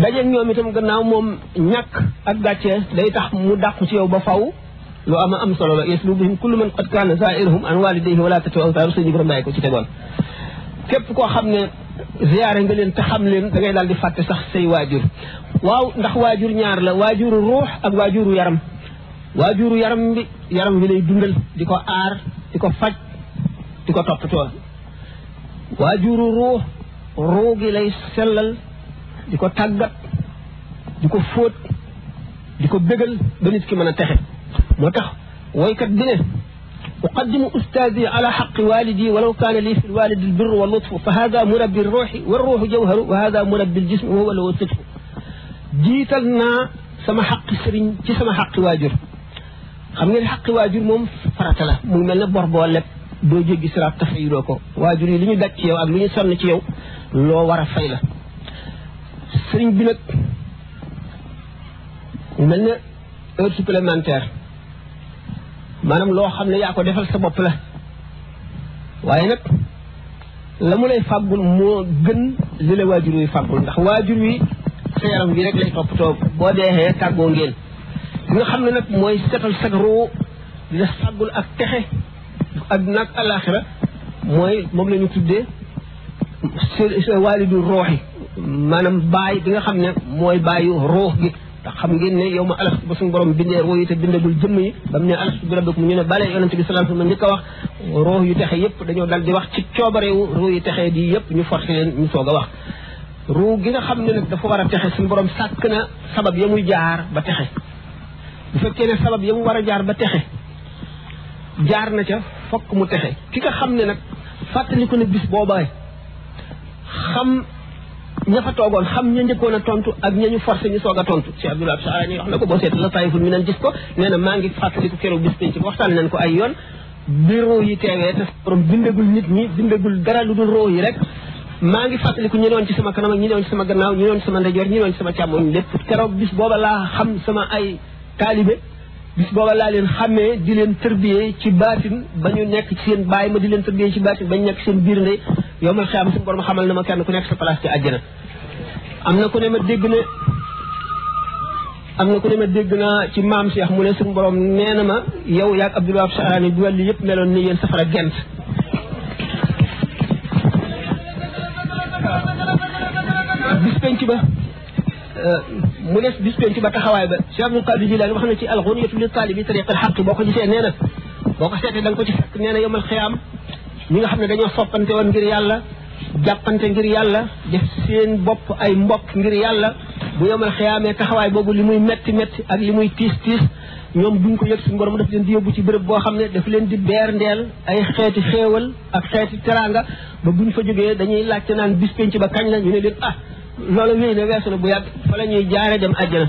dajeeg ñoom itam gannaaw moom ñàkk ak gàcce day tax mu dàqu ci yow ba faw lu ama am solo la yaslu bihim kullu man qad kaana zairuhum an walidayhi wala tatu awtaaru sëñ Ibrahima Ndiaye ko ci tegoon képp koo xam ne ziyaare nga leen te xam leen da ngay daal di fàtte sax say waajur waaw ndax waajur ñaar la waajuru ruux ak waajuru yaram waajuru yaram bi yaram bi lay dundal di ko aar di ko faj di ko toppatoo waajuru ruux ruu gi lay sellal di ko tàggat di ko fóot di ko bégal ba nit ki mën a texe moo tax woykat bi ne أقدم أستاذي على حق والدي ولو كان لي في الوالد البر واللطف فهذا مربي الروح والروح جوهر وهذا مربي الجسم وهو له الصدق جيتلنا سما حق سرين ci sama حق واجر xam ngeen xaqi waajur moom farata la mu mel ne bor boo leb doo jéggi siraat te fayuloo ko waajur yi li ñu daj ci yow ak li ñu sonn ci yow loo war a fay la sëriñ bi nag mel na heure maanaam loo xam ne yaa ko defal sa bopp la waaye nag la mu lay fàggul moo gën li la waajur wi fàggul ndax waajur wi sa yaram wi rek lay toppatoo boo deexee tàggoo ngeen li nga xam ne nag mooy setal sag roo di fàggul ak texe adduna ak alaaxira mooy moom la ñu tuddee waalidu rooxi maanaam baay bi nga xam ne mooy baayu ruux gi te xam ngeen ne yow ma alax ba suñu borom bindee ruux yi te bindagul jëmm yi ba mu ne alax bi rabbikum ñu ne bale yonente bi salaam sama njëkk a wax ruux yu texe yëpp dañoo dal di wax ci coobarewu ruux yu texe di yëpp ñu forcé leen ñu soog a wax ruux gi nga xam ne nag dafa war a texe suñu borom sàkk na sabab ya muy jaar ba texe bu fekkee ne sabab ya mu war a jaar ba texe jaar na ca fokk mu texe ki xam ne nag fàttaliku ne bis boobaa xam ña fa toogoon xam ña njëkkoon a tontu ak ña ñu forcé ñu soog a tontu Cheikh Abdoul Wahab Saarani wax na ko boo seet la taayiful mi nan gis ko nee na maa ngi fàttaliku keroog bis penc waxtaan nañ ko ay yoon bi roo yi teewee te borom bindagul nit ñi bindagul dara lu dul roo yi rek maa ngi fàttaliku ñu doon ci sama kanam ak ñu doon ci sama gannaaw ñu doon ci sama ndeyjoor ñu doon ci sama càmmoñ lépp keroog bis booba laa xam sama ay taalibe bis booba laa leen xàmmee di leen tërbiyee ci baatin ba ñu nekk ci seen bàyyi ma di leen tërbiyee ci baatin ba ñu nekk seen biir ndey yowmal xiyaam suñu borom xamal na ma kenn ku nekk sa place ci àjjana am na ku ne ma dégg ne am na ku ne ma dégg naa ci maam Cheikh mu ne suñu borom nee na ma yow yaag Abdul Wahab Sahraani du wàllu yëpp meloon ni yéen safara gent bis penc ba mu des bis penc ba taxawaay ba Cheikh Abdul Qadir Jilaani wax na ci alxuniyatu li taalibi tariq alxaq boo ko gisee nee na boo ko seetee da nga ko ci fekk nee na yowmal xiyaam ñi nga xam ne dañoo soppante woon ngir yàlla jàppante ngir yàlla def seen bopp ay mbokk ngir yàlla bu yomal xiyaamee taxawaay boobu li muy metti metti ak li muy tiis tiis ñoom duñ ko yëg suñu borom daf leen di yóbbu ci bërëb boo xam ne daf leen di beer ndeel ay xeeti xéewal ak xeeti teraanga ba buñ fa jógee dañuy laajte naan bis penc ba kañ la ñu ne leen ah loolu wéy na weesu na bu yàgg fa la ñuy jaare dem àjjana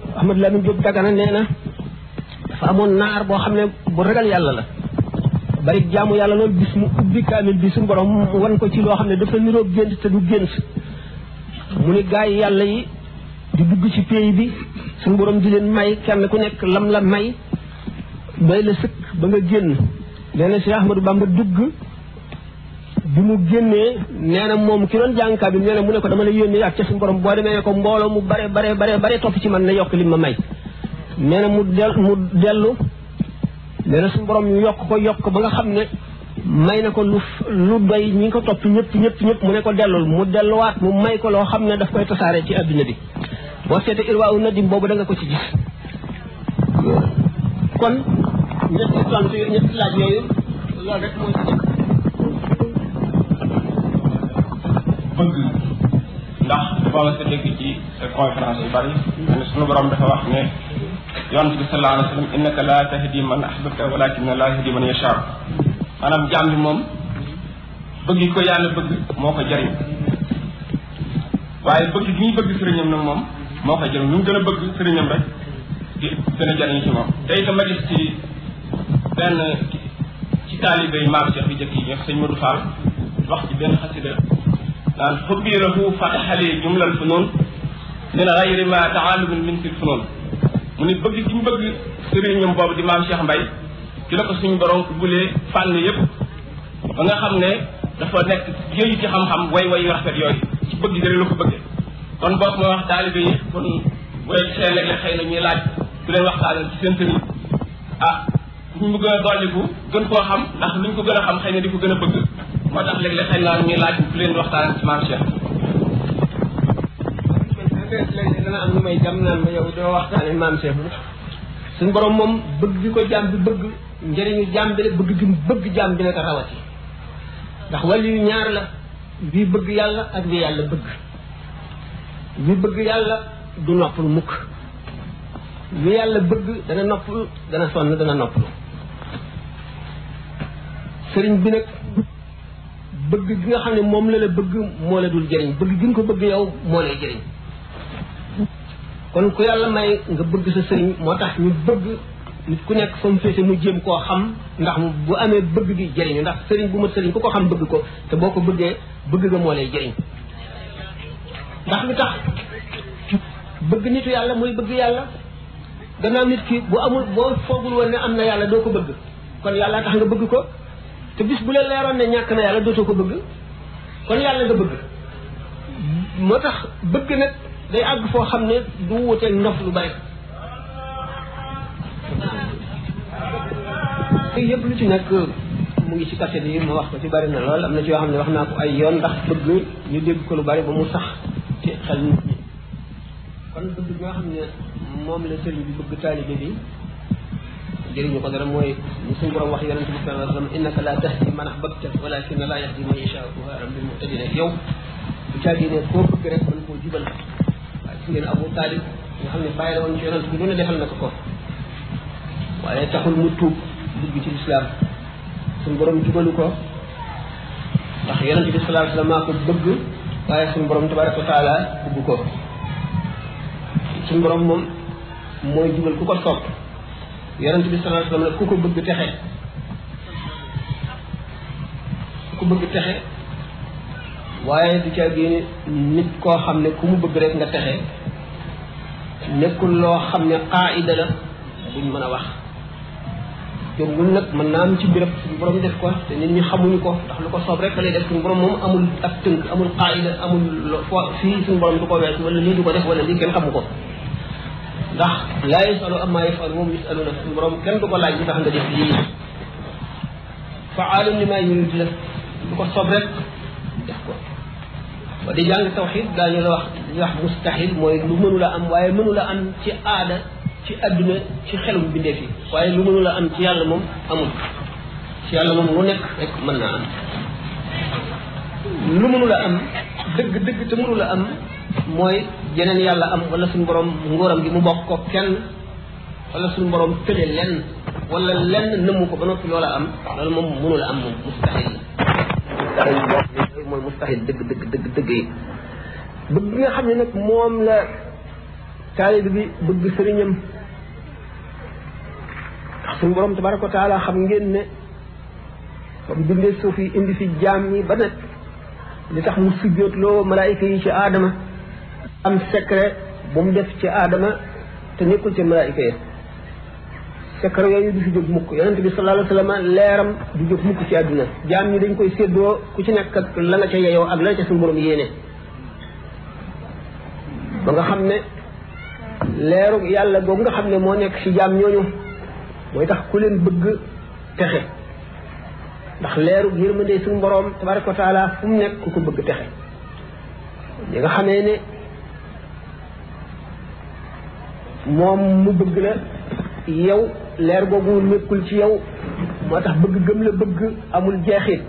Ahmad Lamine Diop Dagana nee na dafa amoon naar boo xam ne bu ragal yàlla la bari jaamu yàlla loolu bis mu ubbi kaamil bi suñu borom wan ko ci loo xam ne dafa niroog gént te du gént mu ni gaay yàlla yi di dugg ci pays bi suñu borom di leen may kenn ku nekk lam la may doy la sëkk ba nga génn nee na Cheikh Ahmadou Bamba dugg bi mu génnee nee na ki doon jàng kaabir nee mu ne ko dama la yónnee ak ci sun borom bo demee ko mbolo mu bare bare bare bare top ci man na yok lim ma may néna mu del mu delu néna sun borom borom yok ko yok ba nga xamné may na ko lu lu doy ñi ko top ñepp ñepp ñepp mu ne ko delul mu wat mu may ko lo xamné daf koy tassaré ci aduna bi sété irwa un nadim bobu da nga ko ci gis kon ñepp tontu ñepp laaj yoyu loolu rek ci bëgg ndax booba sa dégg ci sa conférence yu bari ne suñu borom dafa wax ne yonent bi sallallahu alayhi wa sallam innaka la tahdi man ahbabta walakin la yahdi man yashaa maanaam jaam bi moom bëgg ko yàlla bëgg moo ko jariñ waaye bëgg gi ñuy bëgg sëriñam nag moom moo ko jëriñ lu mu gën a bëgg sëriñam rek di gën a jëriñ ci moom te itam ma gis ci benn ci taalibe yi maam Cheikh bi jëkk yi ñox sëñ Modou Fall wax ci benn xasida an xubbiirahu fataxali jumlal funun min gayri ma taalumin min fil funun mu ni bëgg gi mu bëgg sëriñam boobu di maam Cheikh mbay ci la ko suñu borom bulee fànn yépp ba nga xam ne dafa nekk géeju ci xam-xam way way yu rafet yooyu ci bëgg dara la ko bëggee kon boobu mooy wax taalibe yi kon bu leen gisee léeg-léeg xëy na ñuy laaj ku leen waxtaanal ci seen sëriñ ah ku ñu bëgg a dolliku gën koo xam ndax ñu ko gën a xam xëy na di ko gën a bëgg moo tax léeg-léeg xëy na ñu waxtaan ci maam Cheikh. léeg am ñu may jàmm naan ma yow doo waxtaanee maam Cheikh bi borom moom bëgg bi ko jàmm bi bëgg njëriñu jàmm bi la bëgg gi bëgg jàmm bi la ko rawati ndax wàll yu ñaar la bii bëgg yàlla ak bii yàlla bëgg bii bëgg yàlla du noppal mukk li yàlla bëgg dana noppal dana sonn dana noppal sëriñ bi nag. bëgg gi nga xam ne moom la la bëgg moo la dul jëriñ bëgg gi nga ko bëgg yow moo lay jëriñ kon ku yàlla may nga bëgg sa sëriñ moo tax ñu bëgg nit ku nekk fa mu féete mu jéem koo xam ndax bu amee bëgg gi jëriñu ndax sëriñ bu ma sëriñ ku ko xam bëgg ko te boo ko bëggee bëgg ga moo lay jëriñ tax bëgg nitu yàlla mooy bëgg yàlla gannaaw nit ki bu amul boo foogul woon ne am na yàlla doo ko bëgg kon yàlla tax nga bëgg ko te bis bu la leeroon ne ñàkk na yàlla dootoo ko bëgg kon yàlla nga bëgg moo tax bëgg nag day àgg foo xam ne du wuteeg ndof lu bari yëpp lu ci nekk mu ngi ci kase yi ma wax ko ci bari na lool am na ci xam ne wax naa ko ay yoon ndax bëgg ñu dégg ko lu bari ba mu sax ci xel nit ñi kon bëgg bi xam ne moom la sëriñ bi bëgg taalibe bi جريء قدر موي مسنجر وحي لن تبكر الرم إنك لا تهدي من أحببت ولكن لا يهدي من يشاء فهو رب المعتدين اليوم بجادين يكون فكرت من فوجب سيدنا أبو طالب نحن نفايل ونجعل نتبدون لحل نتكوه وأن يتحو المتوب ضد بيت الإسلام سنجر لك وحي لن تبكر صلى الله عليه وسلم ما قد بقل وأن يسنجر تبارك وتعالى بقوكو سنجر مم موي جبل كوكو صوت yonent bi sa alayhi wa sallam ku ko bëgg texe ku ko bëgg texe waaye du caa nit koo xam ne ku mu bëgg rek nga texe nekkul loo xam ne qaida la buñ mën a wax jongul nag mën naa am ci birab suñu borom def ko te nit ñi xamuñu ko ndax lu ko soob rek lay def suñu borom moom amul ak tënk amul qaida amul fii suñu borom du ko wees wala nii du ko def wala lii kenn xamu ko ndax laa yasalu amma yafaluhum yasaluna suñu borom kenn du ko laaj li tax nga def lii faalun li may yurid la du ko sob rek def ko ba di jàng tawxid daañu la wax li wax mustahil mooy lu mënula am waaye mënula am ci aada ci àdduna ci xelum bindee fi waaye lu mënula am ci yàlla moom amul ci yàlla moom lu nekk rek mën naa am lu mënula am dëgg dëgg te mënula am mooy jeneen yàlla am wala suñu borom ngooram gi mu bokk ko kenn wala suñu borom tële lenn wala lenn nëmmu ko ba noppi loola am loolu moom am moom mustahil la mustahil mooy mustahil dëgg dëgg dëgg dëgg yi nga xam ne nag moom la taalib bi bëgg sëriñam ndax suñu borom tabaraka wa taala xam ngeen ne comme bindee suuf yi indi fi jaam yi ba li tax mu sujjóotloo malaayika yi ci aadama am secret bu mu def ci aadama te nekkul ci malaayika yi secret yooyu du fi jóg mukk yonent bi sallallahu alayhi leeram du jóg mukk ci àdduna jaam ñi dañ koy séddoo ku ci nekk ak la nga ca yeyoo ak la nga ca suñu borom yéene ba nga xam ne leeru yàlla boobu nga xam ne moo nekk ci jaam ñooñu mooy tax ku leen bëgg texe ndax leeru yërmande suñu borom tabaraka wa taala fu mu nekk ku ko bëgg texe ñi nga xamee ne moom mu bëgg la yow leer googu nekkul ci yow moo tax bëgg gëm la bëgg amul jeexit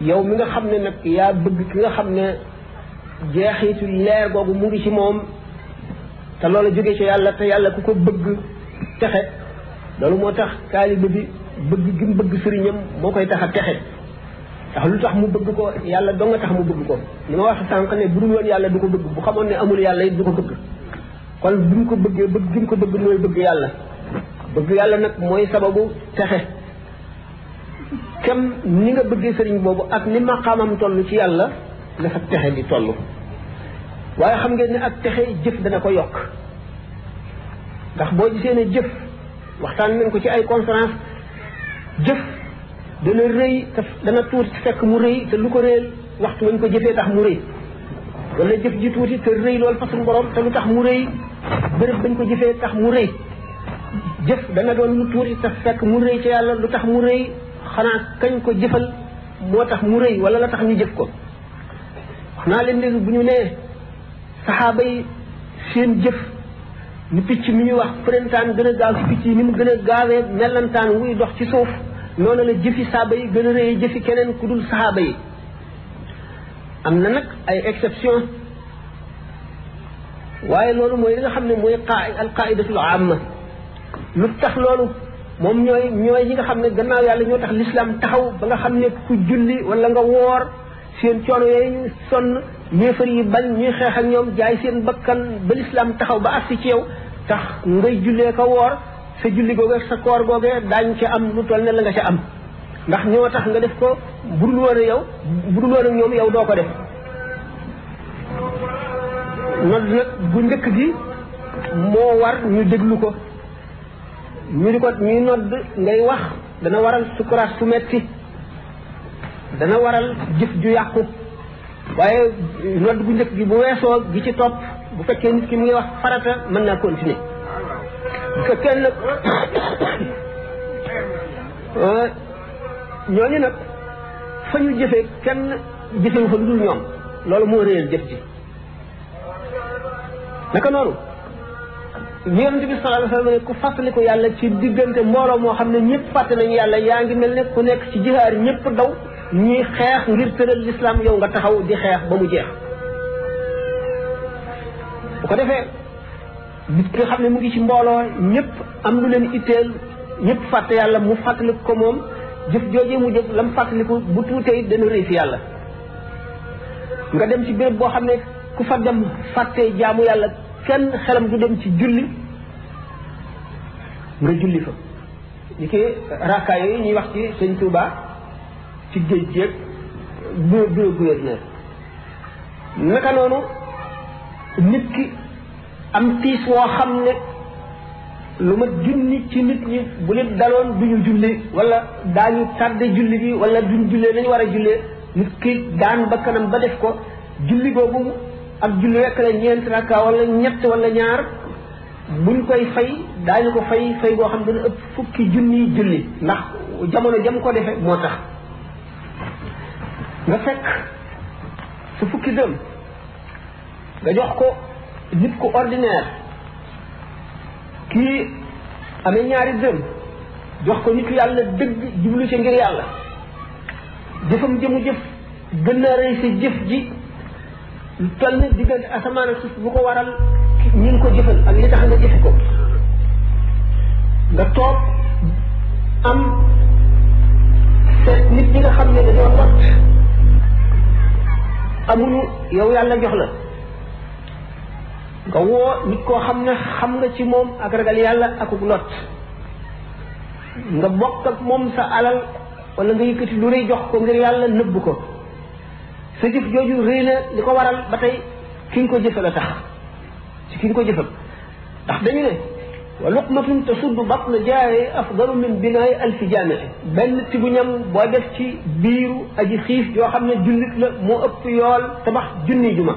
yow mi nga xam ne nag yaa bëgg ki nga xam ne jeexitu leer googu mu ngi ci moom te loola jóge ci yàlla te yàlla ku ko bëgg texe loolu moo tax taaliba bi bëgg gin mu bëgg sëriñam moo koy tax texe ndax lu tax mu bëgg ko yàlla doo nga tax mu bëgg ko ni ma wax sànq ne bu dul woon yàlla du ko bëgg bu xamoon ne amul yàlla it du ko bëgg xol bi mu ko bëggee bëgg gi mu ko bëgg mooy bëgg yàlla bëgg yàlla nag mooy sababu texe kem ni nga bëggee sëriñ boobu ak ni maqaamam toll ci yàlla dafa texe di toll waaye xam ngeen ni ak texe jëf dana ko yokk ndax boo gisee ne jëf waxtaan nañ ko ci ay conférence jëf dana rëy te dana tuuti fekk mu rëy te lu ko rëyal waxtu wañ ko jëfee tax mu rëy wala jëf ji tuuti te rëy loolu façon borom te lu tax mu rëy bërëb bañ ko jëfee tax mu rëy jëf danga doon mu tuuti tax fekk mu rëy ci yàlla lu tax mu rëy xanaa kañ ko jëfal moo tax mu rëy wala la tax ñu jëf ko wax naa leen léegi bu ñu nee saxaaba yi seen jëf ni picc mi ñuy wax printemps gën a gaaw ci picc yi ni mu gën a gaawee mellantaan wuy dox ci suuf noonu la jëfi saaba yi gën a rëy jëfi keneen ku dul saxaaba yi am na nag ay exception waaye loolu mooy li nga xam ne mooy qaa alqaidatul amma lu tax loolu moom ñooy ñooy ñi nga xam ne gannaaw yàlla ñoo tax lislaam taxaw ba nga xam ne ku julli wala nga woor seen coono yooyu ñu sonn ñeefar yi bañ ñuy xeex ak ñoom jaay seen bakkan ba lislaam taxaw ba agsi ci yow tax ngay jullee ko woor sa julli googee sa koor googee daañ ca am lu toll ne la nga ca am ndax ñoo tax nga def ko budul woon yow budul woon ak ñoom yow doo ko def nodd nag bu njëkk gi moo war ñu déglu ko ñu di ko ñuy nodd ngay wax dana waral sukuraat su metti dana waral jëf ju yàqu waaye nodd bu njëkk gi bu weesoo gi ci topp bu fekkee nit ki mu ngi wax farata mën naa continuer bu fekkee nag *coughs* euh, ñooñu nag fa ñu jëfee kenn jëfewu fa lu dul ñoom loolu moo réer jëf ji naka noonu yonent bi sallallahu alayhi wa sallam ne ku fàttaliku yàlla ci diggante mbooloo moo xam ne ñëpp fàtte nañu yàlla yaa ngi mel ne ku nekk ci jihaar ñëpp daw ñuy xeex ngir tëral lislaam yow nga taxaw di xeex ba mu jeex bu ko defee nit ki nga xam ne mu ngi ci mbooloo ñëpp am lu leen itteel ñëpp fàtte yàlla mu fàttaliku ko moom jëf joojee mu jëf lam fàttaliku bu tuutee dana réy fi yàlla nga dem ci béréb boo xam ne ku fa dem fàttee jaamu yàlla kenn xelam du dem ci julli nga julli fa li ki rakka yooyu ñuy wax ci sëñ Touba ci géej géej naka noonu nit ki am tiis woo xam ne lu ma junni ci nit ñi bu leen daloon du ñu julli wala daañu tàdde julli bi wala duñ jullee nañu war a jullee nit ki daan ba kanam ba def ko julli boobu ak julli rekk la ñeent rakka wala ñett wala ñaar buñ koy fay daañu ko fay fay boo xam dina ëpp fukki junni julli ndax jamono jam ko defe moo tax nga fekk su fukki dërëm nga jox ko nit ku ordinaire kii amee ñaari dërëm jox ko nit yàlla dëgg jublu ci ngir yàlla jëfam jëmu jëf gën a rëy sa jëf ji lu toll ni diggante asamaan ak suuf bu ko waral ñu ko jëfal ak li tax nga jëfi ko nga toog am seet nit ñi nga xam ne dañoo mat amuñu yow yàlla jox la nga woo nit koo xam ne xam na ci moom ak ragal yàlla akuk lot nga bokk ak moom sa alal wala nga yëkkati lu rëy jox ko ngir yàlla nëbb ko sa jëf jooju rëy na li ko waral ba tey ki ko jëfal a tax ci ki ko jëfal ndax dañu ne wa luqmatun tasud batna jaay afdal min binaay alfi jaamee benn tibu ñam boo def ci biiru aji xiif yoo xam ne jullit la moo ëpp yool tabax junni juma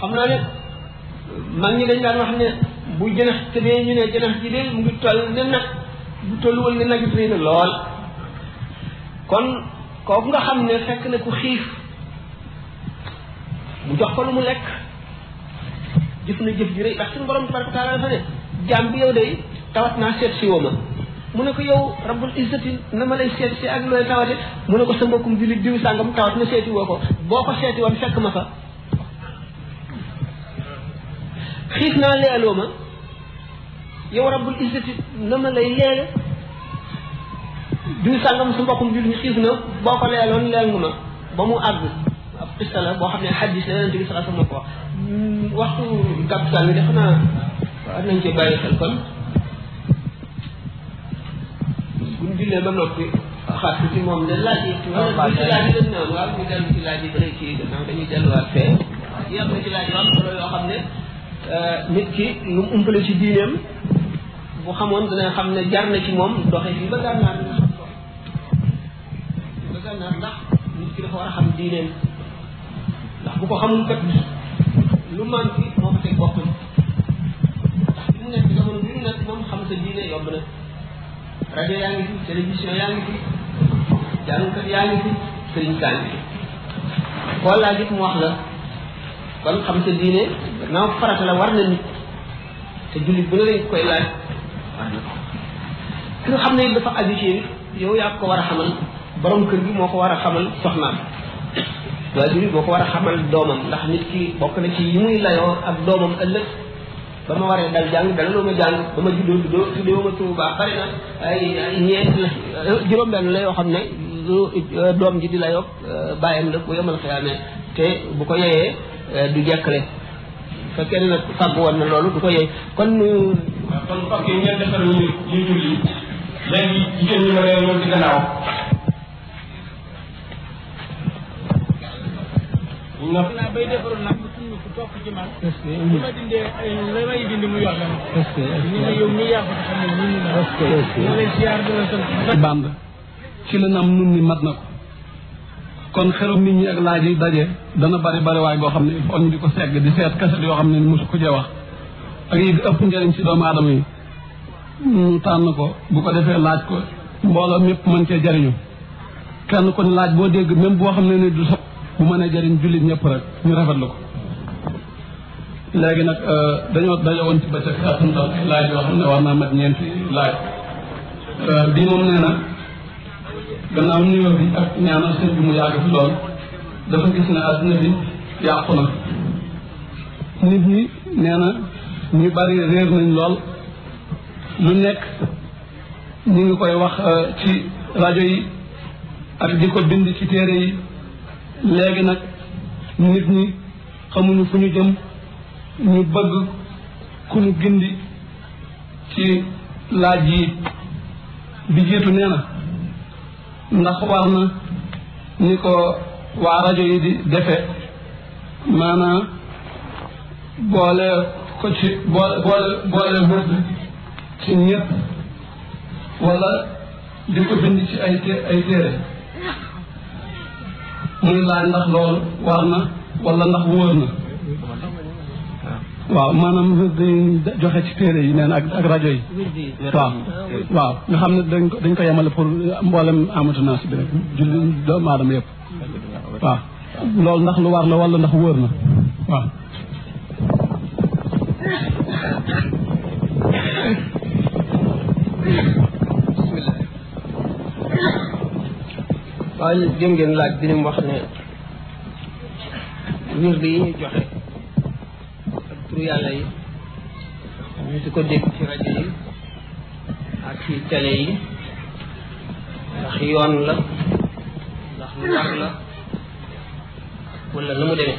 xam naa ne mag ñi dañ daan wax ne bu jënax tëbee ñu ne jënax ji de mu ngi toll ne nag bu tollu tolluwal ne nag rëy na lool kon kooku nga xamne fekk na ku xiif mu jox ko lu mu lek jëf na jëf ji rëy ndax suñu borom tabaraka taala dafa ne jamm bi yow day tawat na set ci woma mu ne ko yow rabbul izzati na ma lay set ci ak loy tawate mu ne ko sa mbokkum julit diw sàngam tawat na seti woko boko seti won fekk ma fa xiif na leeloo ma yow rabbul izzati na ma lay leele diw sàngam su mbokkum jullit ñi xiif na boo ko leeloon leel na ba mu àgg ab xista la boo xam ne xadis la yonente bi sala sama ko waxtu gàttal def naa war nañ ci bàyyi xel kon buñ jullee ba noppi xaas ci moom de laaj yi wala ci laaj yi naan waaw ñu dellu ci laaj yi bëri kii gannaaw dañuy delluwaat fee yem na ci laaj yoo am solo yoo xam ne nit ki lu mu umpale ci diineem bu xamoon dana xam ne jar na ci moom doxe fii ba gànnaar dagan na ndax nit ki dafa war a xam diineen ndax bu ko xamul kat lu man fi moo ko teg boppam ndax mu nekk moom xam sa diine yomb na rajo yaa ngi fi télévision yaa ngi fi jàngkat yaa ngi fi sëriñ kaan bi koo laaj it mu wax la kon xam sa diine gannaaw farata la war na nit te jullit bu ne lañ koy laaj war na ko xam ne dafa aju yow yaa ko war a xamal boroom kër gi moo ko war a xamal soxnaam waajur yi moo ko war a xamal doomam ndax nit ki bokk na ci yi muy layoo ak doomam ëllëg ba ma waree dal jàng dalaloo ma jàng ba ma juddoo juddoo tuddee ma tuubaa bari euh, yoo xam ne lu euh, doom ji di layoo euh, bàyyam la bu yemal xiyaamee te bu ko yeyee du jekkale fekkee ne nag fàgg woon na loolu du ko yey kon nu kon fàgg yi ngeen defal ñu ñu julli léegi jigéen ñi ma ree loolu ci gannaaw ndax naa bay ci man. est-ce ni mat na ko kon xerum nit ñi ak laaj yi daje dana bari bari waay goo xam ne foog ñu di ko segg di seet kaset yoo xam ne mosu ko cee wax ak yi ëpp njëriñ ci doomu aadama yi mu tànn ko bu ko defee laaj ko mbooloo mépp mën cee jariñu kenn ko laaj boo dégg même boo xam ne ni du so bu mënee jëriñ jullit ñëpp rek ñu rafetlu ko léegi nag euh, dañoo dajewoon ci bëccëg asuntal laaj xam ne war naa mat ñeenti laaj euh, bii moom nee na gannaaw nuyoo bi ak ñaanal sëñ bi mu yàgg fi lool dafa gis ne àddina bi yàqu na nit ñi nee na ñu bari réer nañ lool lu nekk ñu ngi koy wax euh, ci rajo yi ak di ko bind ci téere yi léegi nag nit ñi xamuñu fu ñu jëm ñu bëgg ku ñu gindi ci laaj yi bi jiitu nee na ndax war na ni ko waa rajo yi di defe maanaam boole ko ci boole boole boole wërd ci ñëpp wala di ko bind ci ay ay téere muy laaj ndax loolu war na wala ndax wóor na waaw maanaam wird joxe ci téere yi neen ak rajo yi waaw waaw nga xam ne dañ ko dañ ko yemale pour mboolem amatu naas bi rek julli doomu aadama yëpp waaw loolu ndax lu war la wala ndax wóor na waaw waaye jëm ngeen laaj bi nim wax ne wir yi ñu joxe ak tur yàlla yi ñu di ko dégg ci rajo yi ak ci télé yi ndax yoon la ndax lu war la wala nu mu demee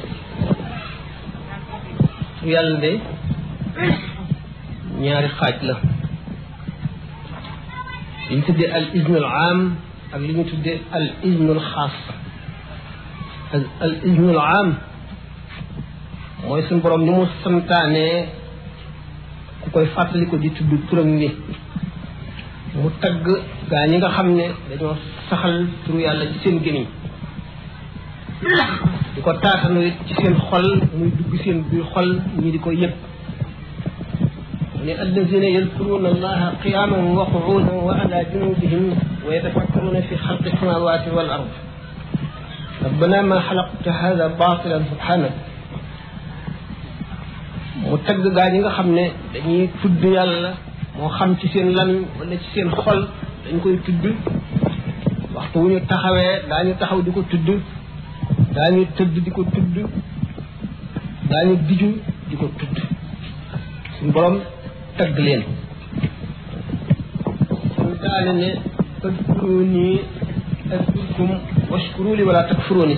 tur yàlla de ñaari xaaj la liñ tuddee al isnul am ak li ñu tuddee al isnul xaas al isnul am mooy suñ borom ni mu santaanee ku koy fàttaliku di tudd turam ni mu tagg gaa ñi nga xam ne dañoo saxal turu yàlla ci seen gémiñ di ko taatanu it ci seen xol muy dugg seen biir xol ñi di ko yëg mu ne allazina yadkuruna allaha qiyaman wa qu'udan wa ala junubihim ويتفكرون في خلق السماوات والأرض ربنا ما خلقت هذا باطلا سبحانك mu tagg gaa yi nga xam ne dañuy tudd yàlla moo xam ci seen lan wala ci seen xol dañ koy tudd waxtu wu ñu taxawee daañu taxaw di ko tudd daañu tëdd di ko tudd daañu diju di ko tudd suñu borom leen udkuruni azkurkum washkuruli wala takfuruni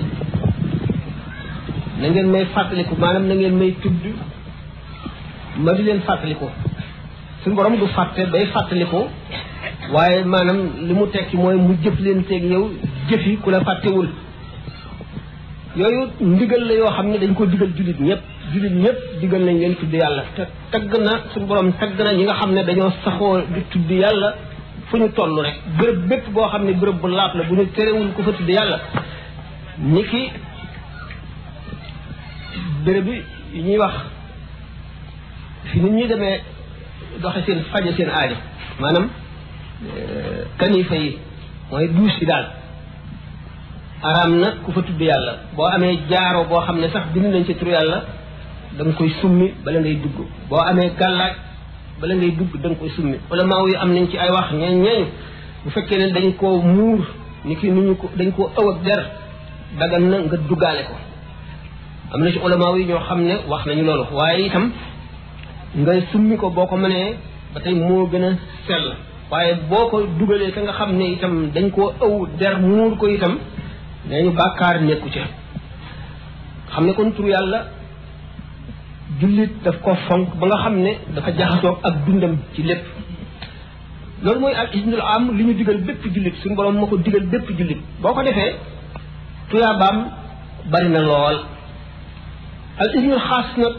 na ngeen may fàttaliku maanaam na ngeen may tudd ma di leen fàttaliku suñu borom du fàtte bay ko waaye maanaam li mu tekki mooy mu jëf leen teeg yow jëfi ku la fàttewul yooyu ndigal la yoo xam ne dañ ko digal jullit ñëpp jullit ñëpp digal nañ leen tudd yàlla te tagg na suñu borom tagg na ñi nga xam ne dañoo saxoo di tudd yàlla fu ñu toll rek bërëb bépp boo xam ne bërëb bu laab la bu ñu terewul ku fa tudd yàlla ni ki bërëb yi ñuy wax fi nit ñi demee doxe seen faje seen aajo maanaam euh, kanifa yi mooy duus yi daal araam na ku fa tudd yàlla boo amee jaaro boo xam ne sax bind nañ ci turu yàlla da koy summi bala ngay dugg boo amee gàllaaj bala ngay dugg da nga koy summi wala maaw yi am nañ ci ay wax ñeen ñeeñu bu fekkee na dañ koo muur ni ki nu ñu ko dañ koo ëw ak der dagan na nga duggaale ko am na ci ulama yi ñoo xam ne wax nañu loolu waaye itam ngay summi ko boo ko mënee ba tey moo gën a sell waaye boo ko dugalee ka nga xam ne itam dañ koo ëw der muur ko itam nee ñu bàkkaar nekku ca xam ne kon tur yàlla jullit daf ko fonk ba nga xam ne dafa jaxasoo ak dundam ci lépp loolu mooy ak isnul am li ñu digal bépp jullit suñu borom moo ko digal bépp jullit boo ko defee tuyaabaam bari na lool al isnul xaas nag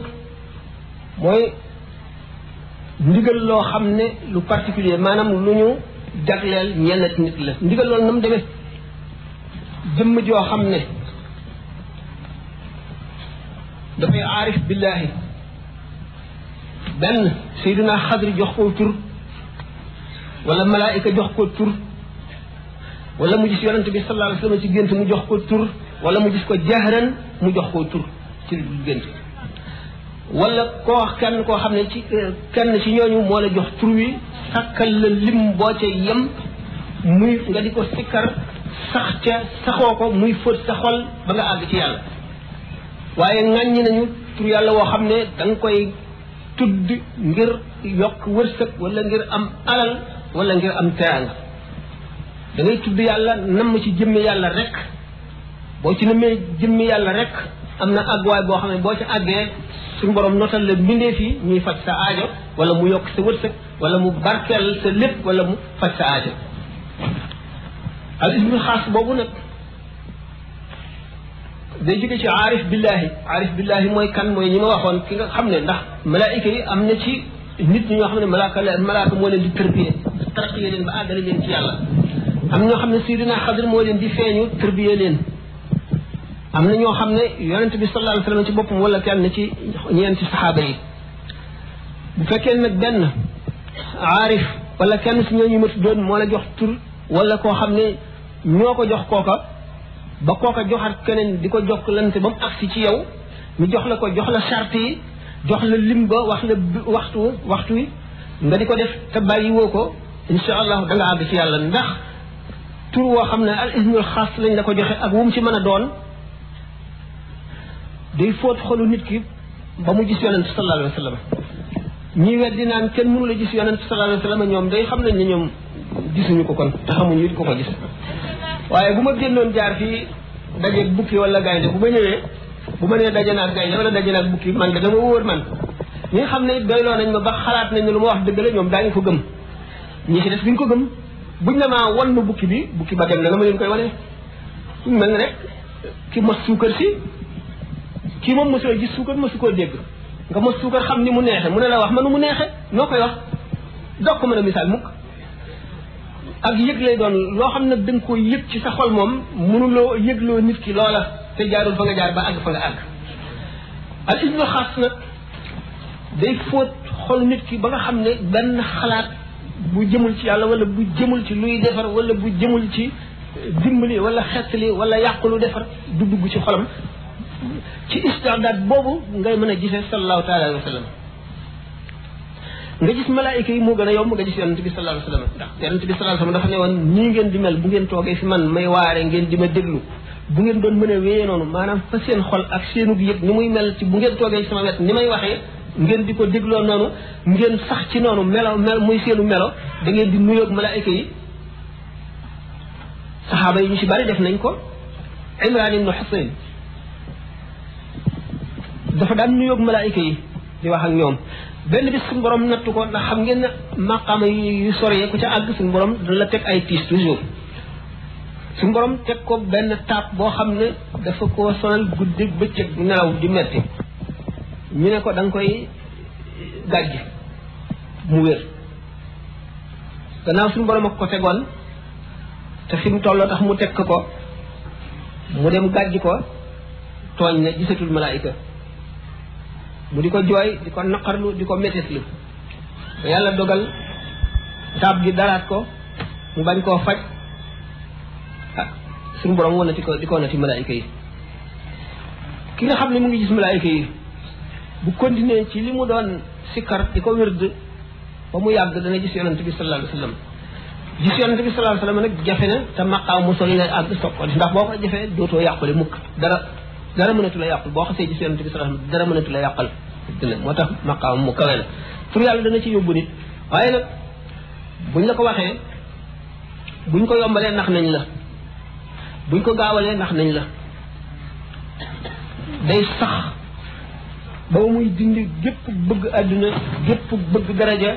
mooy ndigal loo xam ne lu particulier maanaam lu ñu jagleel ñenn nit la ndigal loolu na mu demee jëmm joo xam ne دافاي عارف بالله بن سيدنا خضر جوخو تور ولا ملائكه جوخو تور ولا مو جيس يونس صلى الله عليه وسلم سي گنت مو جوخو تور ولا مو جيس كو جهرا مو جوخو تور سي گنت ولا كو كان كو خامني سي كان سي ньо ญ و مولا جوخ تور وي سكال لم بوتي يم muy nga di ko sikkar sax ca saxoo ko muy fóot sa waaye ŋàññi nañu tur yàlla woo xam ne da nga koy tudd ngir yokk wërsëg wala ngir am alal wala ngir am teraanga da ngay tudd yàlla namm ci jëmm yàlla rek boo ci nammee jëmm yàlla rek am na àgguwaay boo xam ne boo ci àggee suñu borom notal la mbindeef yi ñuy faj sa aajo wala mu yokk sa wërsëg wala mu barkeel sa lépp wala mu faj sa aajo al ismul xaas boobu nag day jóge ci aarif billahi aarif billahi mooy kan mooy ñi ma waxoon ki nga xam ne ndax malaayika yi am na ci nit ñi ñoo xam ne malaaka la malaaka moo leen di tërbiye tarqiye leen ba àggale leen ci yàlla am ñoo xam ne sidina xadir moo leen di feeñu tërbiye leen am na ñoo xam ne yonente bi sallallahu alayhi wasallam ci boppam wala kenn ci ñeenti saxaaba yi bu fekkee nag benn aarif wala kenn si ñooñu ma tuddoon moo la jox tur wala koo xam ne ñoo ko jox kooka ba kooka joxaat keneen di ko jox lante ba mu agsi ci yow mu jox la ko jox la charte yi jox la lim ba wax la waxtu waxtu yi nga di ko def te bàyyi woo ko insha allah da nga àgg ci yàlla ndax tur woo xam ne al ismul xaas lañ la ko joxe ak wum ci mën a doon day fóot xolu nit ki ba mu gis yonent sallallahu alayhi wa sallam ñi weddi naan kenn mënu la gis yonent sallallahu alayhi wa sallam ñoom day xam nañ ne ñoom gisuñu ko kon te xamuñu it ko ko gis waaye bu ma génnoon jaar fii dajeeg bukki wala gaynde bu ma ñëwee bu ma nee daje naag gaynde wala daje naag bukki man de dama wóor man ñi nga xam ne doyloo nañ ma ba xalaat nañ ne lu ma wax dëgg la ñoom daañu ko gëm ñi ci des duñ ko gëm bu la maa won ma bukki bi bukki ba dem na la ma leen koy wane mel ne rek ki mos suukar si kii moom mosoo gis suukar mosu koo dégg nga mos suukar xam ni mu neexee mu ne la wax ma nu mu neexe noo koy wax dog ko mën a misaal ak yëg lay doon loo xam ne da nga koy yëg ci sa xol moom mënuloo loo nit ki loola te jaarul fa nga jaar ba àgg fa nga àgg al ibnu xaas nag day fóot xol nit ki ba nga xam ne benn xalaat bu jëmul ci yàlla wala bu jëmul ci luy defar wala bu jëmul ci dimbali wala xettali wala yàqulu defar du dugg ci xolam ci istidad boobu ngay mën a gisee sallallahu taala alayhi nga gis malaayika yi moo gën a yomb nga gis yonent bi bi sallallahu alayhi wasallam dafa ne woon nii ngeen di mel bu ngeen toogee fi man may waare ngeen di ma déglu bu ngeen doon mën a wéyee noonu maanaam fa seen xol ak seenug yëpp ni muy mel ci bu ngeen toogee sama wet ni may waxee ngeen di ko dégloo noonu ngeen sax ci noonu melo mel muy seenu melo da ngeen di nuyoog malaayika yi saxaaba yi ñu ci bari def nañ ko Imran ibn Husayn dafa daan nuyoog malaayika yi di wax ak ñoom benn bis suñu borom nattu ko ndax xam ngeen ne maqaama yu soree ku ca àgg suñu borom dana la teg ay tiis toujours suñu borom teg ko benn taab boo xam ne dafa ko sonal guddi bëccëg bu nelaw di metti ñu ne ko da koy gàjj mu wér gannaaw suñu borom ak ko tegoon te fi mu tolloo tax mu teg ko mu dem gàjj ko tooñ ne gisatul malaayika mu di ko jooy di ko naqarlu di ko métitlu yàlla dogal taab gi daraat ko mu bañ koo faj ah suñu borom di ko di ko ti malaayika yi ki nga xam ne mu ngi gis malaayika yi bu continuer ci li mu doon sikkar di ko wérd ba mu yàgg dana gis yonante bi sallallahu alayhi wa sallam gis yonante bi sallallahu alayhi wa sallam nag jafe na te maqaam mu sori na àgg soog ko ndax boo ko jafee dootoo yàqule mukk dara dara mënatu la yàqal boo xasee gis yonente bi salaam dara mënatu la yàqal dina moo tax maqaam mu kawe la tur yàlla dana ci yóbbu nit waaye nag buñ la ko waxee buñ ko yombalee nax nañ la buñ ko gaawalee nax nañ la day sax ba muy dindi gépp bëgg àdduna gépp bëgg daraja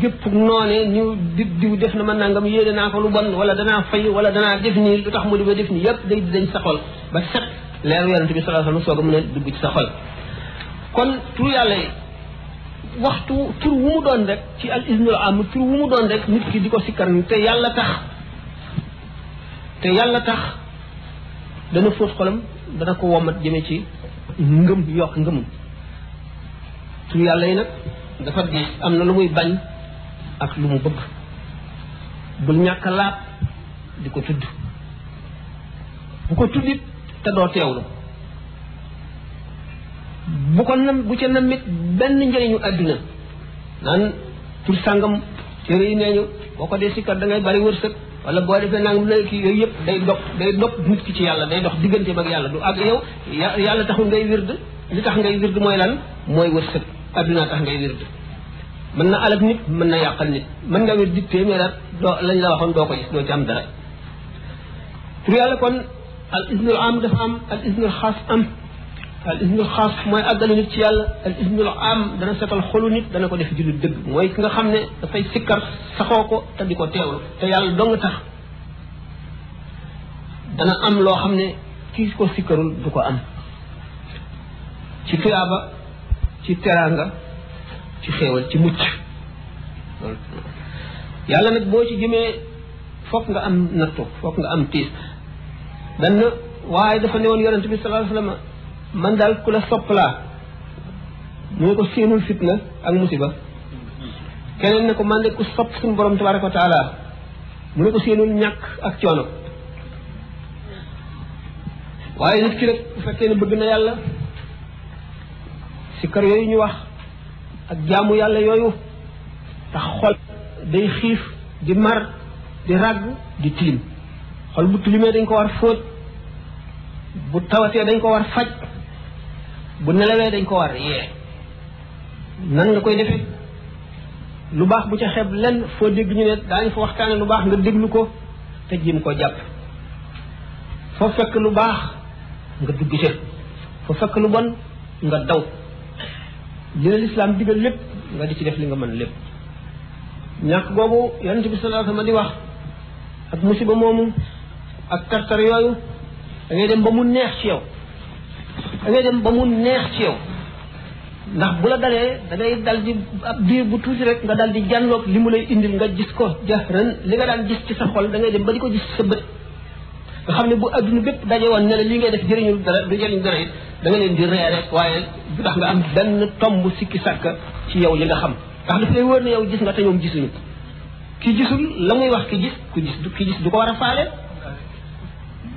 gépp noone ñu di diw def na ma nangam yéene naa ko lu bon wala danaa fay wala danaa def nii lu tax mu di ba def nii yépp day dañ saxol ba set leer yonent tibi sallallahu alaihi wasallam soga mu ne dugg ci sa xol kon tur yalla waxtu tur wu mu don rek ci al iznul am tur wu mu don rek nit ki diko sikkar ni te yalla tax te yalla tax dana fóot xolam dana ko womat jeme ci ngëm yok ngëm tur yalla yi nag dafa gis am na lu muy bañ ak lu mu bëgg bul ñàkk laap diko tudd bu ko tuddit te doo teewlu bu ko nam bu ca namit benn njëriñu àdduna naan tur sàngam téere yi nee ñu boo ko dee sikkar da ngay bari wërsëg wala boo defee nangam la kii yooyu yëpp day dox day dox nit ki ci yàlla day dox diggante ak yàlla du ak yow yàlla taxul ngay wird li tax ngay mooy lan mooy wërsëg àdduna tax ngay wird mën na alak nit mën na yàqal nit mën nga wird di téeméeraat doo lañ la waxoon doo ko gis doo ci dara pour yàlla kon الاذن العام دا ام الاذن الخاص ام الاذن الخاص موي ادال نيت سي يالا الاذن العام دا نسيتال خلو نيت دا نكو ديف جولي دغ موي كيغا خامني دا فاي سكر سخوكو تا ديكو تيول تا يالا دونغ تاخ دا نا ام لو خامني كي كو سكرول دوكو ام سي تيابا سي تيرانغا سي خيوال سي موتش يالا نك بو سي جيمي فوك نغا ام نتو فوك نغا ام تيس benn waaye dafa ne woon yonent bi sallallahu alayhi man daal ku la sopp laa mu ngi ko séenul fitna ak musiba keneen ne ko man de ku sopp suñu borom tabaraka wa mu ne ko séenul ñàkk ak coono waaye nit ki nag bu fekkee bëgg na yàlla si kër yooyu ñu wax ak jaamu yàlla yooyu tax xol day xiif di mar di ràgg di tiim xol bu tilimee dañ ko war fóot bu tawatee dañ ko war faj bu nelawee dañ ko war yee nan nga koy defee lu baax bu ca xeb lenn foo dégg ñu ne daañu fa waxtaane lu baax nga déglu ko te jéem ko jàpp foo fekk lu baax nga dugg ca foo fekk lu bon nga daw li la lislaam digal lépp nga di ci def li nga mën lépp ñàkk googu yonent bi sallallahu alayhi wa di wax ak musiba moomu ak tartar yooyu da ngay dem ba mu neex ci yow da ngay dem ba mu neex yow ndax bu la dalee da ngay dal di biir bu tuuti rek nga dal di jànloog li mu lay indil nga gis ko jahran li nga daan gis ci sa xol da ngay dem ba di ko gis sa bët nga xam ne bu adduna bépp daje woon ne la li ngay def jëriñu dara du jëriñ dara it da nga leen di ree rek waaye du tax nga am benn tomb sikki sàkk ci yow li nga xam ndax daf lay wóor ne yow gis nga te ñoom gisuñu ki gisul la muy wax ki gis ki gis du ko war a faale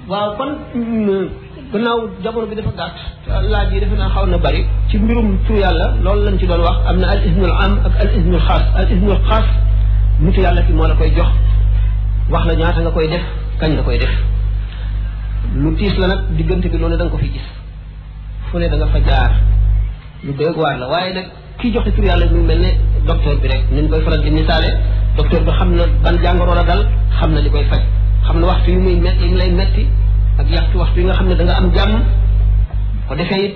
waaw kon mm, gannaaw jamono bi dafa gàtt laaj yi defe naa xaw na bari ci mbirum tur yàlla loolu lañ ci doon wax am na al ismul am ak al ismul xaas yàlla ki moo la koy jox wax la ñaata nga koy def kañ nga koy def lu tiis la nag diggante bi loolu da ko fi gis fu ne da nga fa jaar lu doy waar la waaye nag kii joxe tur yàlla mu mel ne docteur bi rek ñu koy faral di misaale docteur bi xam na ban jàngoro la dal xam na li koy faj xam na waxtu yu muy metti yi mu lay metti ak yaxtu waxtu yi nga xam ne danga am jàmm ko defee it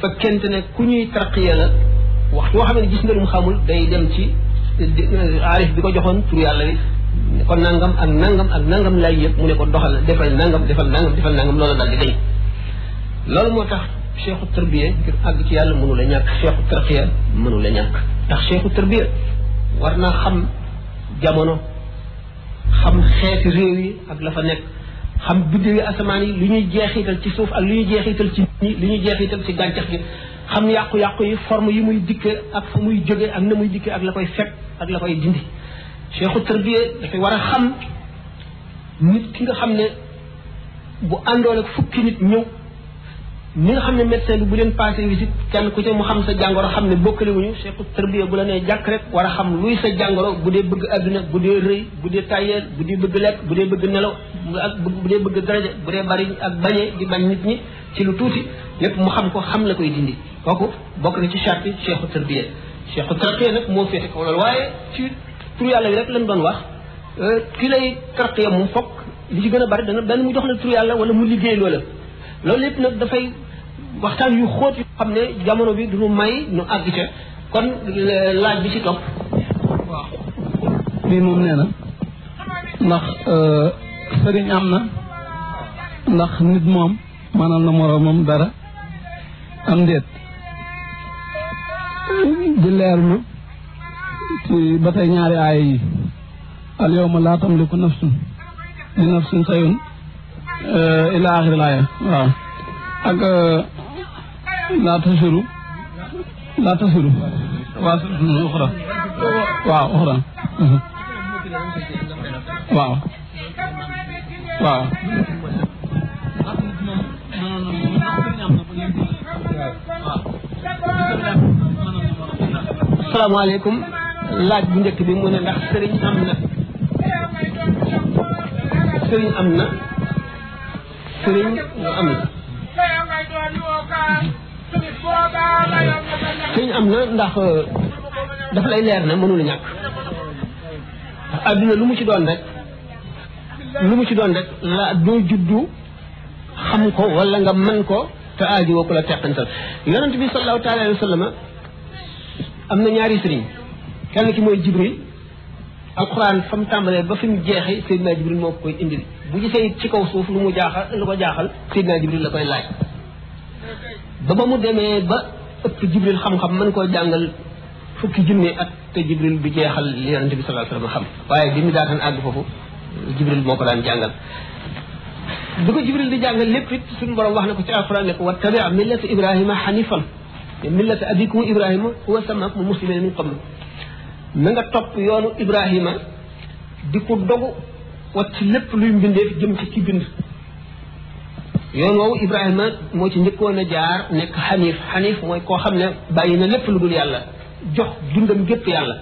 fekkente ne ku ñuy tarqiya la waxtu woo xam ne gis nga lu mu xamul day dem ci aarif bi ko joxoon tur yàlla bi ko nangam ak nangam ak nangam lay yëpp mu ne ko doxal defal nangam defal nangam defal nangam loolu daal di dañ loolu moo tax cheikhu tarbiya ngir àgg ci yàlla mënu la ñàkk cheikhu tarqiya mënu la ñàkk ndax cheikhu tarbiya war naa xam jamono xam xeeti réew yi ak la fa nekk xam biddew yi asamaan yi lu ñuy jeexital ci suuf ak lu ñuy jeexital ci nii lu ñuy jeexital ci gàncax gi xam yàqu-yàqu yi forme yi muy dikke ak fa muy jóge ak na muy dikke ak la koy fekk ak la koy dindi cheikhu tarbiya dafay war a xam nit ki nga xam ne bu àndoon ak fukki nit ñëw ñi nga xam ne médecin bu leen passé visite kenn ku ci mu xam sa jàngoro xam ne bokkale wuñu seeku tërbiya bu la nee jàkk rek war a xam luy sa jàngoro bu dee bëgg àdduna bu dee rëy bu dee tayeel bu dee bëgg lekk bu dee bëgg nelaw bu dee bëgg daraja bu dee bari ak bañee di bañ nit ñi ci lu tuuti lépp mu xam ko xam la koy dindi kooku bokk na ci charte bi seeku tërbiya seeku tërbiya nag moo féete kaw loolu waaye ci tur yàlla bi rek lañ doon wax euh, ki lay tërbiya moom fokk li ci a bari dana benn mu jox wala mu liggéey loolu lépp nag dafay waxtaan yu xóot xam ne jamono bi duñu may ñu àgg ca kon euh, laaj bi ci topp waaw moom nee na ndax euh, sëriñ am na ndax nit moom maanaam na moroomam dara am déet di leerlu ci ba tey ñaari aaya yi al yawma laa tamliku nafsun li nafsin sayun آه، الى اخر الايه اه اك آه، لا تسرو لا تسرو واسره اخرى واو اخرى واه واه السلام عليكم لا نك بي مو ندخ سيرن امنا سيرن امنا sëriñ am na. sëriñ am na ndax euh, daf lay leer ne mënul ñàkk. adduna lu mu ci doon rek lu mu ci doon rek la doo juddu xam ko wala nga mën ko te aaji ko la teqantal yonent bi sallallahu taala alayhi wa am na ñaari sëriñ kenn ki mooy jibril alquran fa tàmbalee ba fi mu jeexee seydina jibril moo koy indil bu gisee ci kaw suuf lu mu jaaxal lu ko jaaxal Seydina Jibril la koy laaj ba ba mu demee ba ëpp Jibril xam-xam mën koo jàngal fukki junne at te Jibril bi jeexal li yonente bi sallallahu alayhi wasallam xam waaye bi mu daataan àgg foofu Jibril moo ko daan jàngal bi ko Jibril di jàngal lépp it suñu borom wax na ko ci alquran ne ko wa tabi millata ibrahima hanifan millata abikum ibrahima huwa sammakum muslimina min qabl na nga topp yoonu ibrahima di ko dogu wat ci lépp luy mbindeef jëm ci bind yoon woowu Ibrahima moo ci njëkkoon a jaar nekk xaniif xaniif mooy koo xam ne bàyyi na lépp lu dul yàlla jox dundam gépp yàlla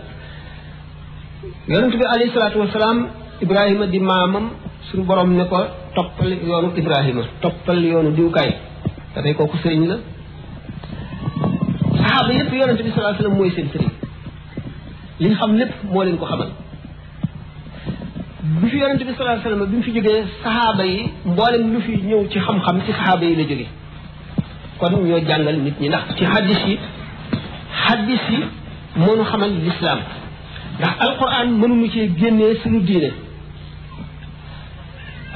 yonent bi alayhi salaatu wasalaam Ibrahima di maamam suñu borom ne ko toppal yoonu Ibrahima toppal yoonu diwkaay te day kooku sëriñ la saxaaba yépp yonent bi salaatu wasalaam mooy seen sëriñ liñ xam lépp moo leen ko xamal bi fi yonente bi sallallahu alayhi wasallam bi mu fi jógee saxaaba yi mboolem lu fi ñëw ci xam-xam ci saxaaba yi la jóge kon ñoo jàngal nit ñi ndax ci xaddis yi xaddis yi mënu xamal lislaam ndax alquran mënuñu ci génnee suñu diine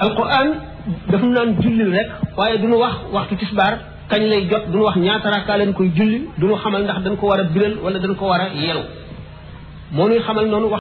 alquran dafa naan jullil rek waaye duñu wax waxtu tisbaar kañ lay jot duñu wax ñaata rakkaa leen koy julli duñu xamal ndax dañ ko war a biral wala dañ ko war a yelu moo nuy xamal noonu wax